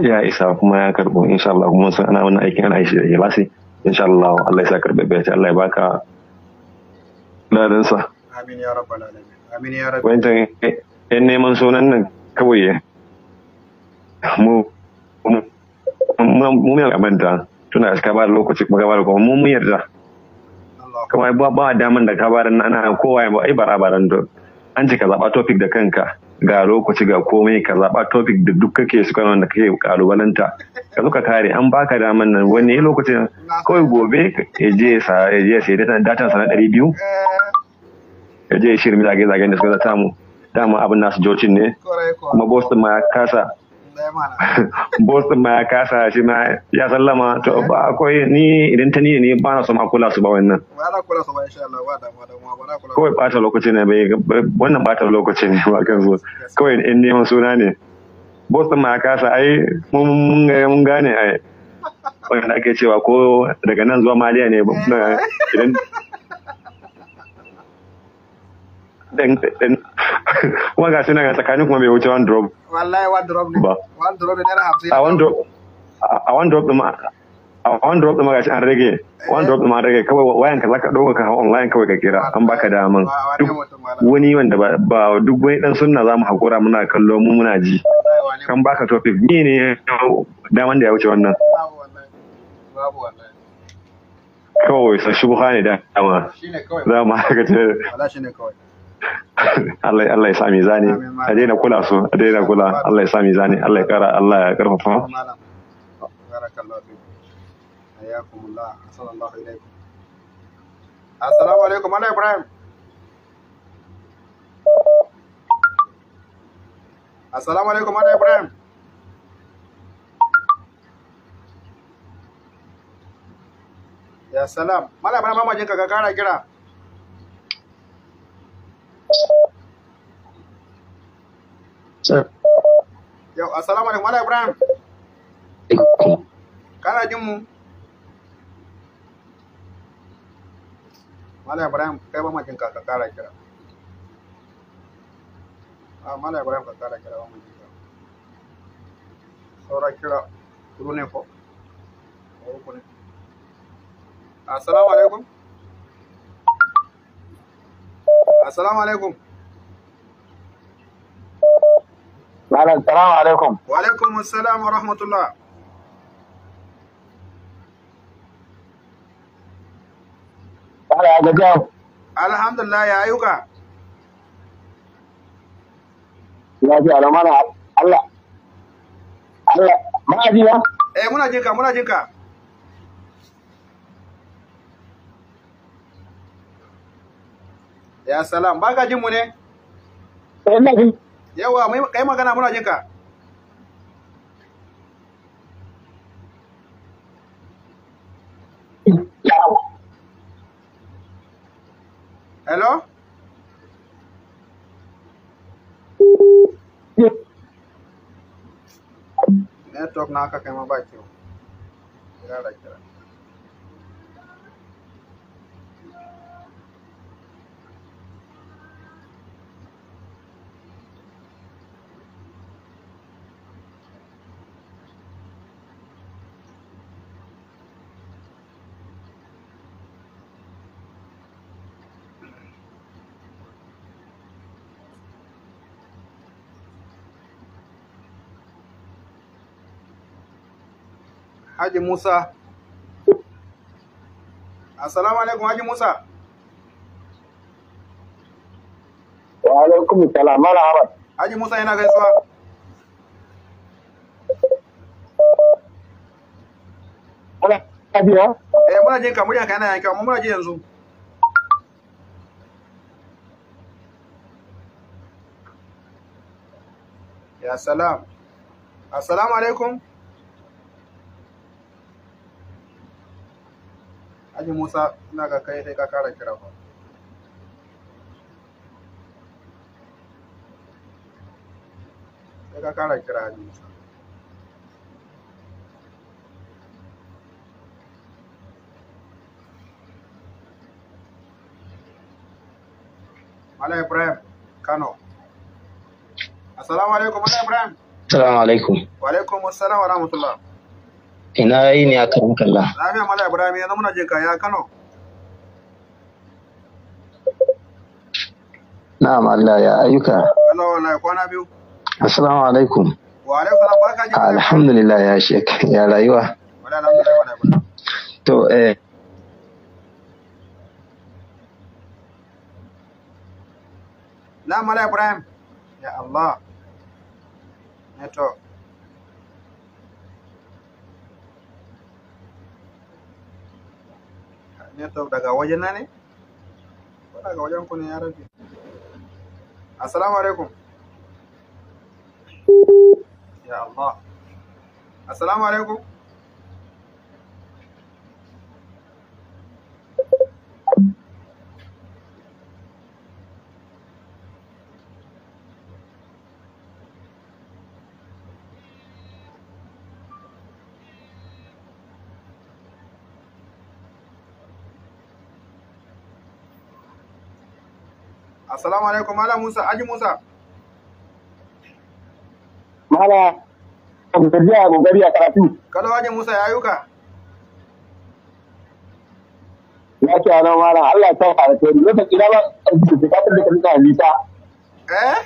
ya isa kuma ya karbo insha Allah kuma sun ana wannan aikin ana shi da yalasi insha Allah Allah ya sa karbe bai Allah ya baka ladan amin ya rabbal alamin amin ya yan neman sunan nan kawai mu mu mu mu abanta tuna ka ba da lokaci kuma ka ba da kuma mun mun yarda kuma ba ba daman da ka ba da ana kowa ya ai barabaran don an ce ka zaba topic da kanka ga lokaci ga komai ka zaba topic da duk kake suka wanda kake kalubalanta ka zo ka kare an baka daman nan wani lokacin kawai gobe ya je sa ya je sai datan data sana 200 eh. ya je shirmi zage zagen da suka samu dama abin nasu jocin ne kuma boston ma ya kasa boss ma ya kasa shi ma ya sallama to ba akwai ni idan ta ni ne ba na so ma kula su ba wannan ba na kula su ba insha Allah ba da ma da ma ba na kula kawai bata lokaci ne bai wannan bata lokaci ne ba kan zo kawai in neman suna ne boss ma ya kasa ai mun mun gane ai wanda ake cewa ko daga nan zuwa maliya ne idan ɗin ɗin kuma ga shi na ga tsakanin kuma bai wuce one drop wallahi one drop ne ba one drop ne a one drop a one drop ɗin a one drop ɗin gashi an rage one eh. drop ɗin an rage kawai wayan ka zaka ɗauka ka online kawai ka kira an baka daman duk wani wanda ba duk wani dan sunna zamu hakura muna kallo mu muna ji kan baka topic ni ne daman da ya wuce wannan kawai sa shubha ne dama za mu haka ce Allah ya sa mizani a daina kula su a daina kula Allah ya sa mizani Allah ya kara Allah ya karfafa Assalamu alaikum Ibrahim Assalamu alaikum Ibrahim Ya salam Ibrahim mamajin ka ka kara kira Yau, assalamu alaikum, Mala Ibrahim. Kana jin mu? Mala Ibrahim, kai ba makin ka kara kira. Ah, Mala Ibrahim ka kara kira ba makin ka. Saura kira, kuru ne ko? Assalamu alaikum. Assalamu alaikum. Malam, salamu alaikum. Wa alaikum assalam wa rahmatullah. Ala gajiya. Alhamdulillah ya ayyuka. Ya ji alamana Allah. Allah, ma'aji Eh muna jinka, muna jinka. Ya salam, ba ka jin mu ne? Yawa, mai kai magana muna jinka. Hello? Network na aka kai ma ba kyau. Ya kira. Haji Musa. Assalamu alaikum Haji Musa. Wa alaikum salam marhaba. Haji Musa yana gaisuwa. Ala tafiya? Eh muna jin ka murya ka yana yanka muna ji yanzu. Ya salam. Assalamu alaikum. Alhaji Musa ina ga kai sai ka kara kira fa. Sai ka kara kira Alhaji Musa. Mala Ibrahim Kano. Assalamu alaikum Mala Ibrahim. Assalamu alaikum. Wa alaikum assalam wa rahmatullah. Ina yi ne a karin kalla. Lafiya Mala Ibrahim ya zama na jinka ya Kano. Na'am Allah ya ayyuka. Allah wallahi kwana biyu. Assalamu alaikum. Wa alaikum salam barka ji. Alhamdulillah ya shek ya rayuwa. To eh Na Mala Ibrahim. Ya Allah. Network. network daga wajen na ne ko daga wajen ku ne ya rabe assalamu alaikum ya allah assalamu alaikum assalamu alaikum malam musa aji musa mala gajiya gogari a karatu kalau aji musa ya yuka ya ce ana mala Allah ya saka da kai lokaci na ba karfi da kafin da kanta nisa eh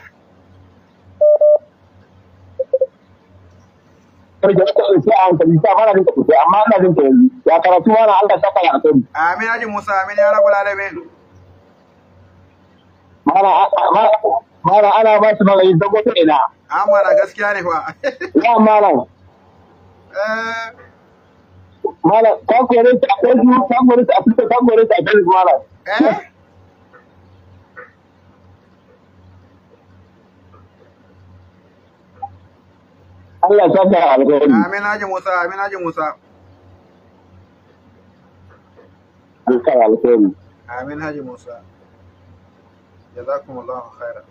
karfe ta ɗauki a hankali ta fara rinka kusa amma ina jin ta ya karatu wani Allah ya saka da kai amin aji musa amin ya rabu lalabe mara ana ba su magaji zango ta ina a gaskiya ne ya mara eh. mara ta ta a facebook ta kore a ta kore mara eh. Allah ya alƙawari. Amin haji Musa, amin haji Musa. Allah alƙawari. Amin haji Musa. جزاكم الله خيرا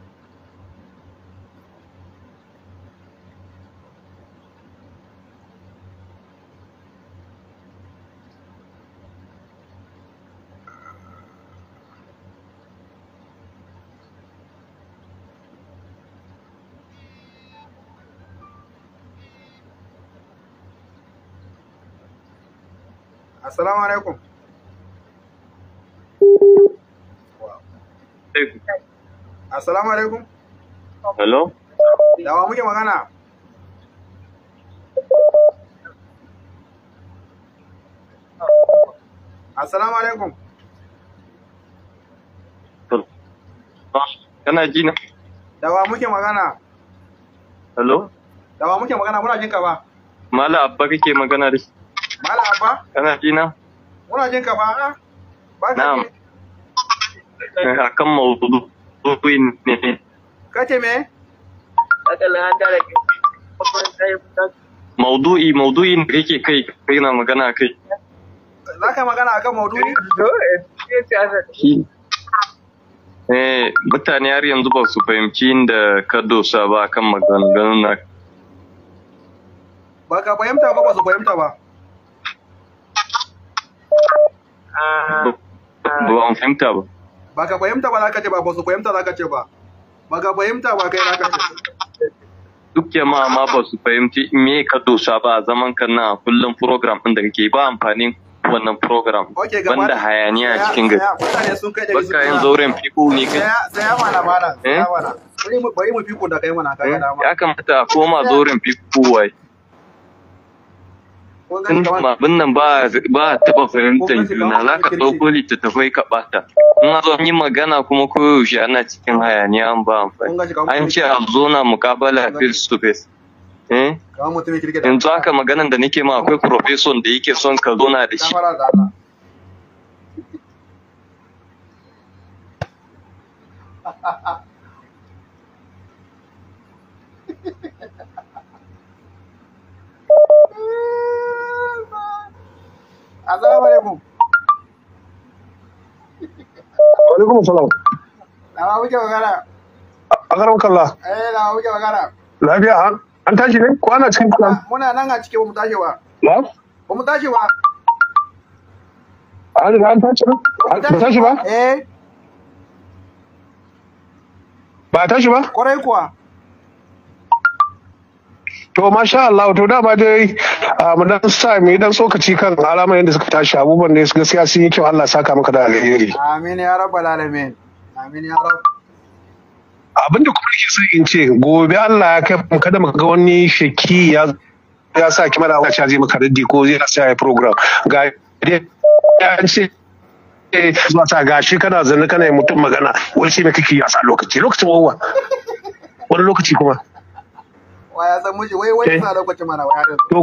السلام عليكم Assalamu alaikum. Hello. Dawa muke magana. Assalamu alaikum. Kana ji na? Dawa muke magana. Hello. Dawa muke magana muna jinka ba. Mala Abba kake magana da shi. Mala Abba? Kana ji na? Muna jinka ba. Ah, ba akan maudu'in ne kace me maudu'i maudu'in da kake kai kana magana kai za ka magana akan maudu'i eh, eh, mutane har yanzu ba su fahimci inda ka dosa ba akan maganganun na ba ka fahimta ba ba su fahimta ba ba fahimta ba ba ka fahimta ba za ka ce ba ba su fahimta za ka ce ba ba ka fahimta ba kai za ka ce duk jama'a ma ba su fahimci me ka dosa ba a zaman kan na kullum program ɗin da kake ba amfanin wannan program banda hayaniya a cikin gari baka yin zauren fiko ne kai ya kamata a koma zauren fiko wai tun abin nan ba ba taɓa fahimtar juna za ka ɗauko littattafai ka ɓata Ina zo yi magana kuma koyaushe ana cikin hayaniya an ba amfani an ce a zo na mukabala face to face eh? yanzu haka maganan da nake ma akwai profeson da yake son ka zo na da shi ha ha ha assalamu alaikum wa alaikum assalam lawa muke magana a garin kalla eh muke magana lafiya an tashi ne ko ana cikin kula ah, muna nan a cikin mu tashi ba na ba mu tashi ba an riga an tashi ba tashi ba eh ba tashi ba kwarai kuwa To masha Allah to dama dai mu dan sa mu dan tsokaci kan alamar yadda suka tashi abubuwan da gaskiya sun yi kyau Allah saka maka da alheri. Amin ya rabbal alamin. Amin ya rabb. Abin da kuma nake so in ce gobe Allah ya kai mu kada mu ga wani shaki ya ya sa ki mara wata zai maka raddi ko zai sa ya program ga dai an ce eh, zuwa sa gashi kana zanne kana mutum magana wani sai me kake yi a lokaci lokacin wawa wani lokaci kuma Eh.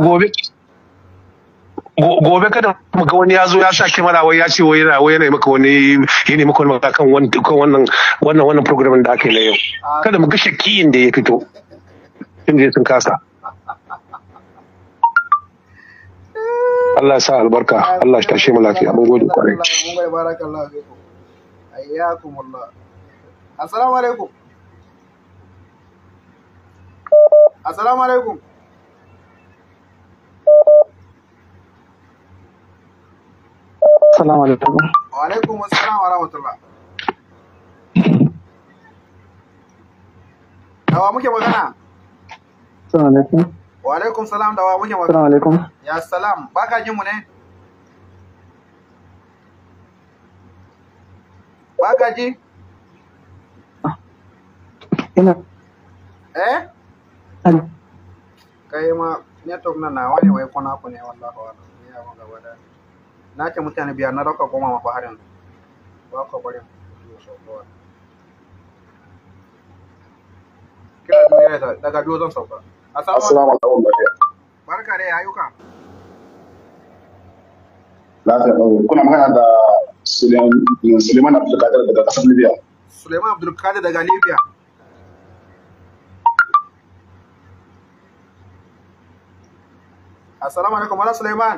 gobe gobe kada mu ga wani ya zo ya sa kimara wai ya ce wai yana wai yana maka wani ne maka wani kan wannan wannan wannan program da aka yi na yau kada mu ga shakkiyin da ya fito inda sun kasa Allah sa albarka Allah ya tashe mu lafiya mun gode kwarai mun gode barakallahu ayyakumullah alaikum Assalamu alaikum. Assalamu alaikum. Wa alaikum assalam wa rahmatullah. Dawa muke magana? Assalamu alaikum. Wa alaikum salam dawa muke magana? Assalamu alaikum. Ya salam, baka jin mu ne? Baka ji? Ah. Ina. Eh? Kano. Kai ma network na nawa ne wai ko ku ne wallahi wala. Ni abun gaba da. Na ce mutane biyar na raka goma ma baharin. Ba ka bari mu sauko. Kira duniya ta daga biyu zan sauka. Assalamu alaikum. Barka da ayyuka. Lafiya ɗaure. Kuna magana da Suleiman Abdulkadir daga ƙasar Libya. Suleiman Abdulkadir daga Libya. Assalamualaikum, alaikum Mala Suleiman.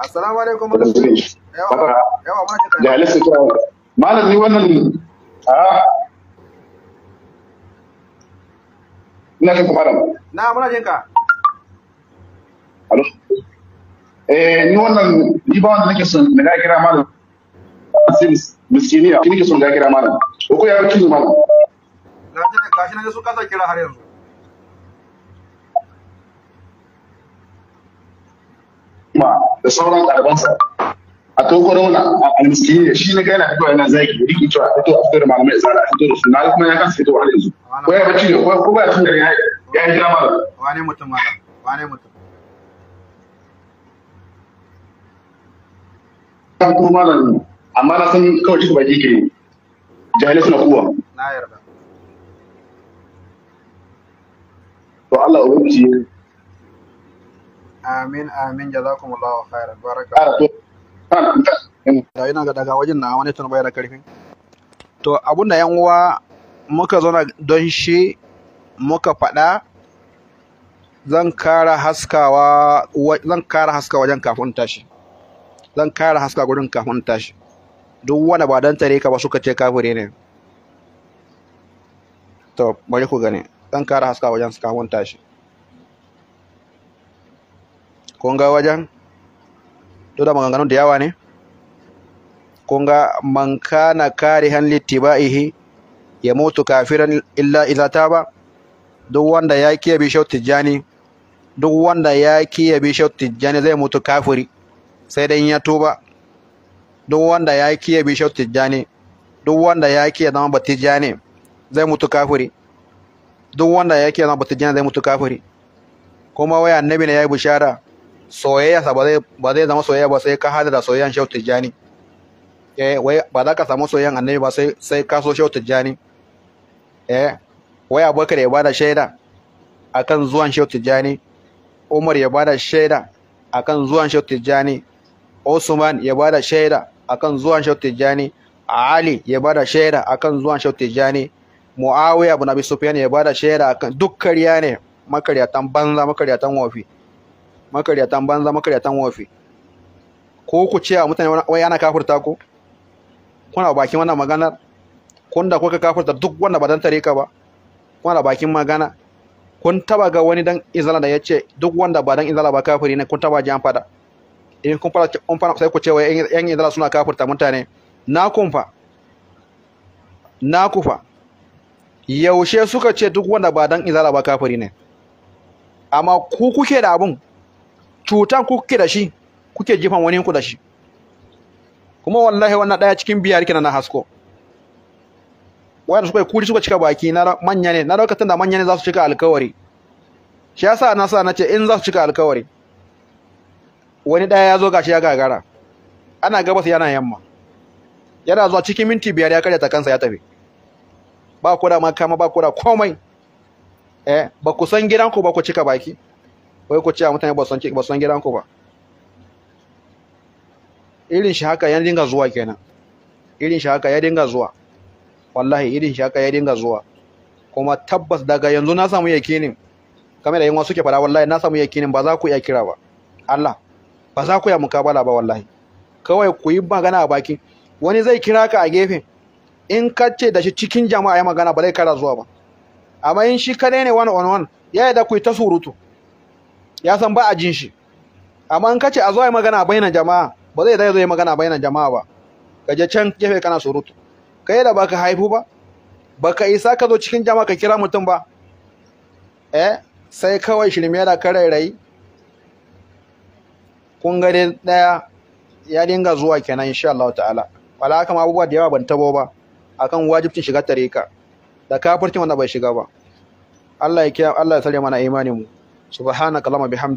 Assalamualaikum, alaikum Mala Suleiman. Yawa muna Ya, Da halitta ta. Malam ni wannan a Ina jengka, ku malam. Na muna jin ka. Eh ni wana ni Ni wanda ni kesan, na ga kira malam. Sims miskiniya, ni nake son ga kira malam. Ko ya kira malam. gashi na gashi na su kasa kira har yanzu ma da sauran ɗalibansa a tokoro mana ne shi ne kai na fito yana zagi riki cewa fito a fito da malamai tsara a fito da su na kuma ya kasa fito har yanzu ko ya bacci ne ko ba tun da ya yi jira malam wane mutum malam wane mutum kan kuma malam amma na san kawai cikin baki ke jahilai suna kuwa na yarda to Allah ubangiji ya amin amin jazakumullahu khairan barakallahu da ina ga daga wajen na wani tun da karfin to abun da yan uwa muka zauna don shi muka faɗa zan kara haskawa zan kara haska wajen kafin tashi zan kara haska gurin kafin tashi duk wani ba dan tare ka ba suka ce kafire ne to bari ku gane dan kara haska wajen su kawon tashi kun ga wajen to da maganganun da yawa ne kun ga man kana kare han littiba'ihi ya mutu kafiran illa idza taba duk wanda ya kiya bi shautu tijjani duk wanda ya kiya bi shautu tijjani zai mutu kafiri sai dai ya tuba duk wanda ya kiya bi shautu tijjani duk wanda ya kiya zama batijani zai mutu kafiri duk wanda yake zama bata jina zai mutu kafiri kuma waya annabi ne yayi bishara soyayya sa ba zai zama soyayya ba sai ka hada da soyayyan shau tijjani eh wai ba za ka samu soyayyan annabi ba sai sai ka so shau tijjani eh wai abubakar ya bada shaida akan zuwan shau tijjani umar ya bada shaida akan zuwan shau tijjani usman ya bada shaida akan zuwan shau tijjani ali ya bada shaida akan zuwan shau tijjani muawiya abu abi sufyan ya bada shaida akan duk kariya ne makaryatan banza makaryatan wafi makaryatan banza makaryatan wafi ko ku ce mutane wai ana kafurta ku kuna bakin wannan maganar kun da kuka kafurta duk wanda ba dan ka ba kuna bakin magana kun taba ga wani dan izala da ya ce duk wanda ba dan izala ba kafiri ne kun taba ji an fada in kun fara kun fara sai ku ce wai yan izala suna kafurta mutane na kun fa na ku fa yaushe suka ce duk wanda ba dan izala ba kafiri ne amma ku kuke da abun cutan ku kuke da shi kuke jifan wani ku da shi kuma wallahi wannan daya cikin biyar kina na hasko wanda suka kuri suka cika baki na manya ne na lokacin da manya ne za su cika alkawari shi yasa na sa na ce in za su cika alkawari wani daya ya zo gashi ya gagara ana gabas yana yamma yana zuwa cikin minti biyar ya karya ta kansa ya tafi ba ku da makama ba ku da komai eh ba ku san gidanku ba ku cika baki wai ku ce a mutane ba san ba san gidanku ba irin shi haka ya dinga zuwa kenan irin shi haka ya dinga zuwa wallahi irin shi haka ya dinga zuwa kuma tabbas daga yanzu na samu yakinin kamar da yan wasu ke fara wallahi na samu yakinin ba za ku iya kira ba Allah ba za ku iya mukabala ba wallahi kawai ku yi magana a baki wani zai kira ka a gefe in ka ce da shi cikin jama'a ya magana ba zai kara zuwa ba amma in shi kadai ne one on one ya da ku ta surutu ya san ba a jin shi amma in ka ce a zo ya magana bainan jama'a ba zai zai zo ya magana bainan jama'a ba ka je can gefe kana surutu kai da baka haifu ba baka isa ka zo cikin jama'a ka kira mutum ba eh sai kawai shirme da karairayi kun ga daya ya dinga zuwa kenan insha Allah ta'ala wala kama abubuwa da yawa ban tabo ba akan wajibcin shiga tareka da kafircin wanda bai shiga ba Allah ya kiyaye Allah ya sare mana imanin mu subhanaka allahumma bihamdika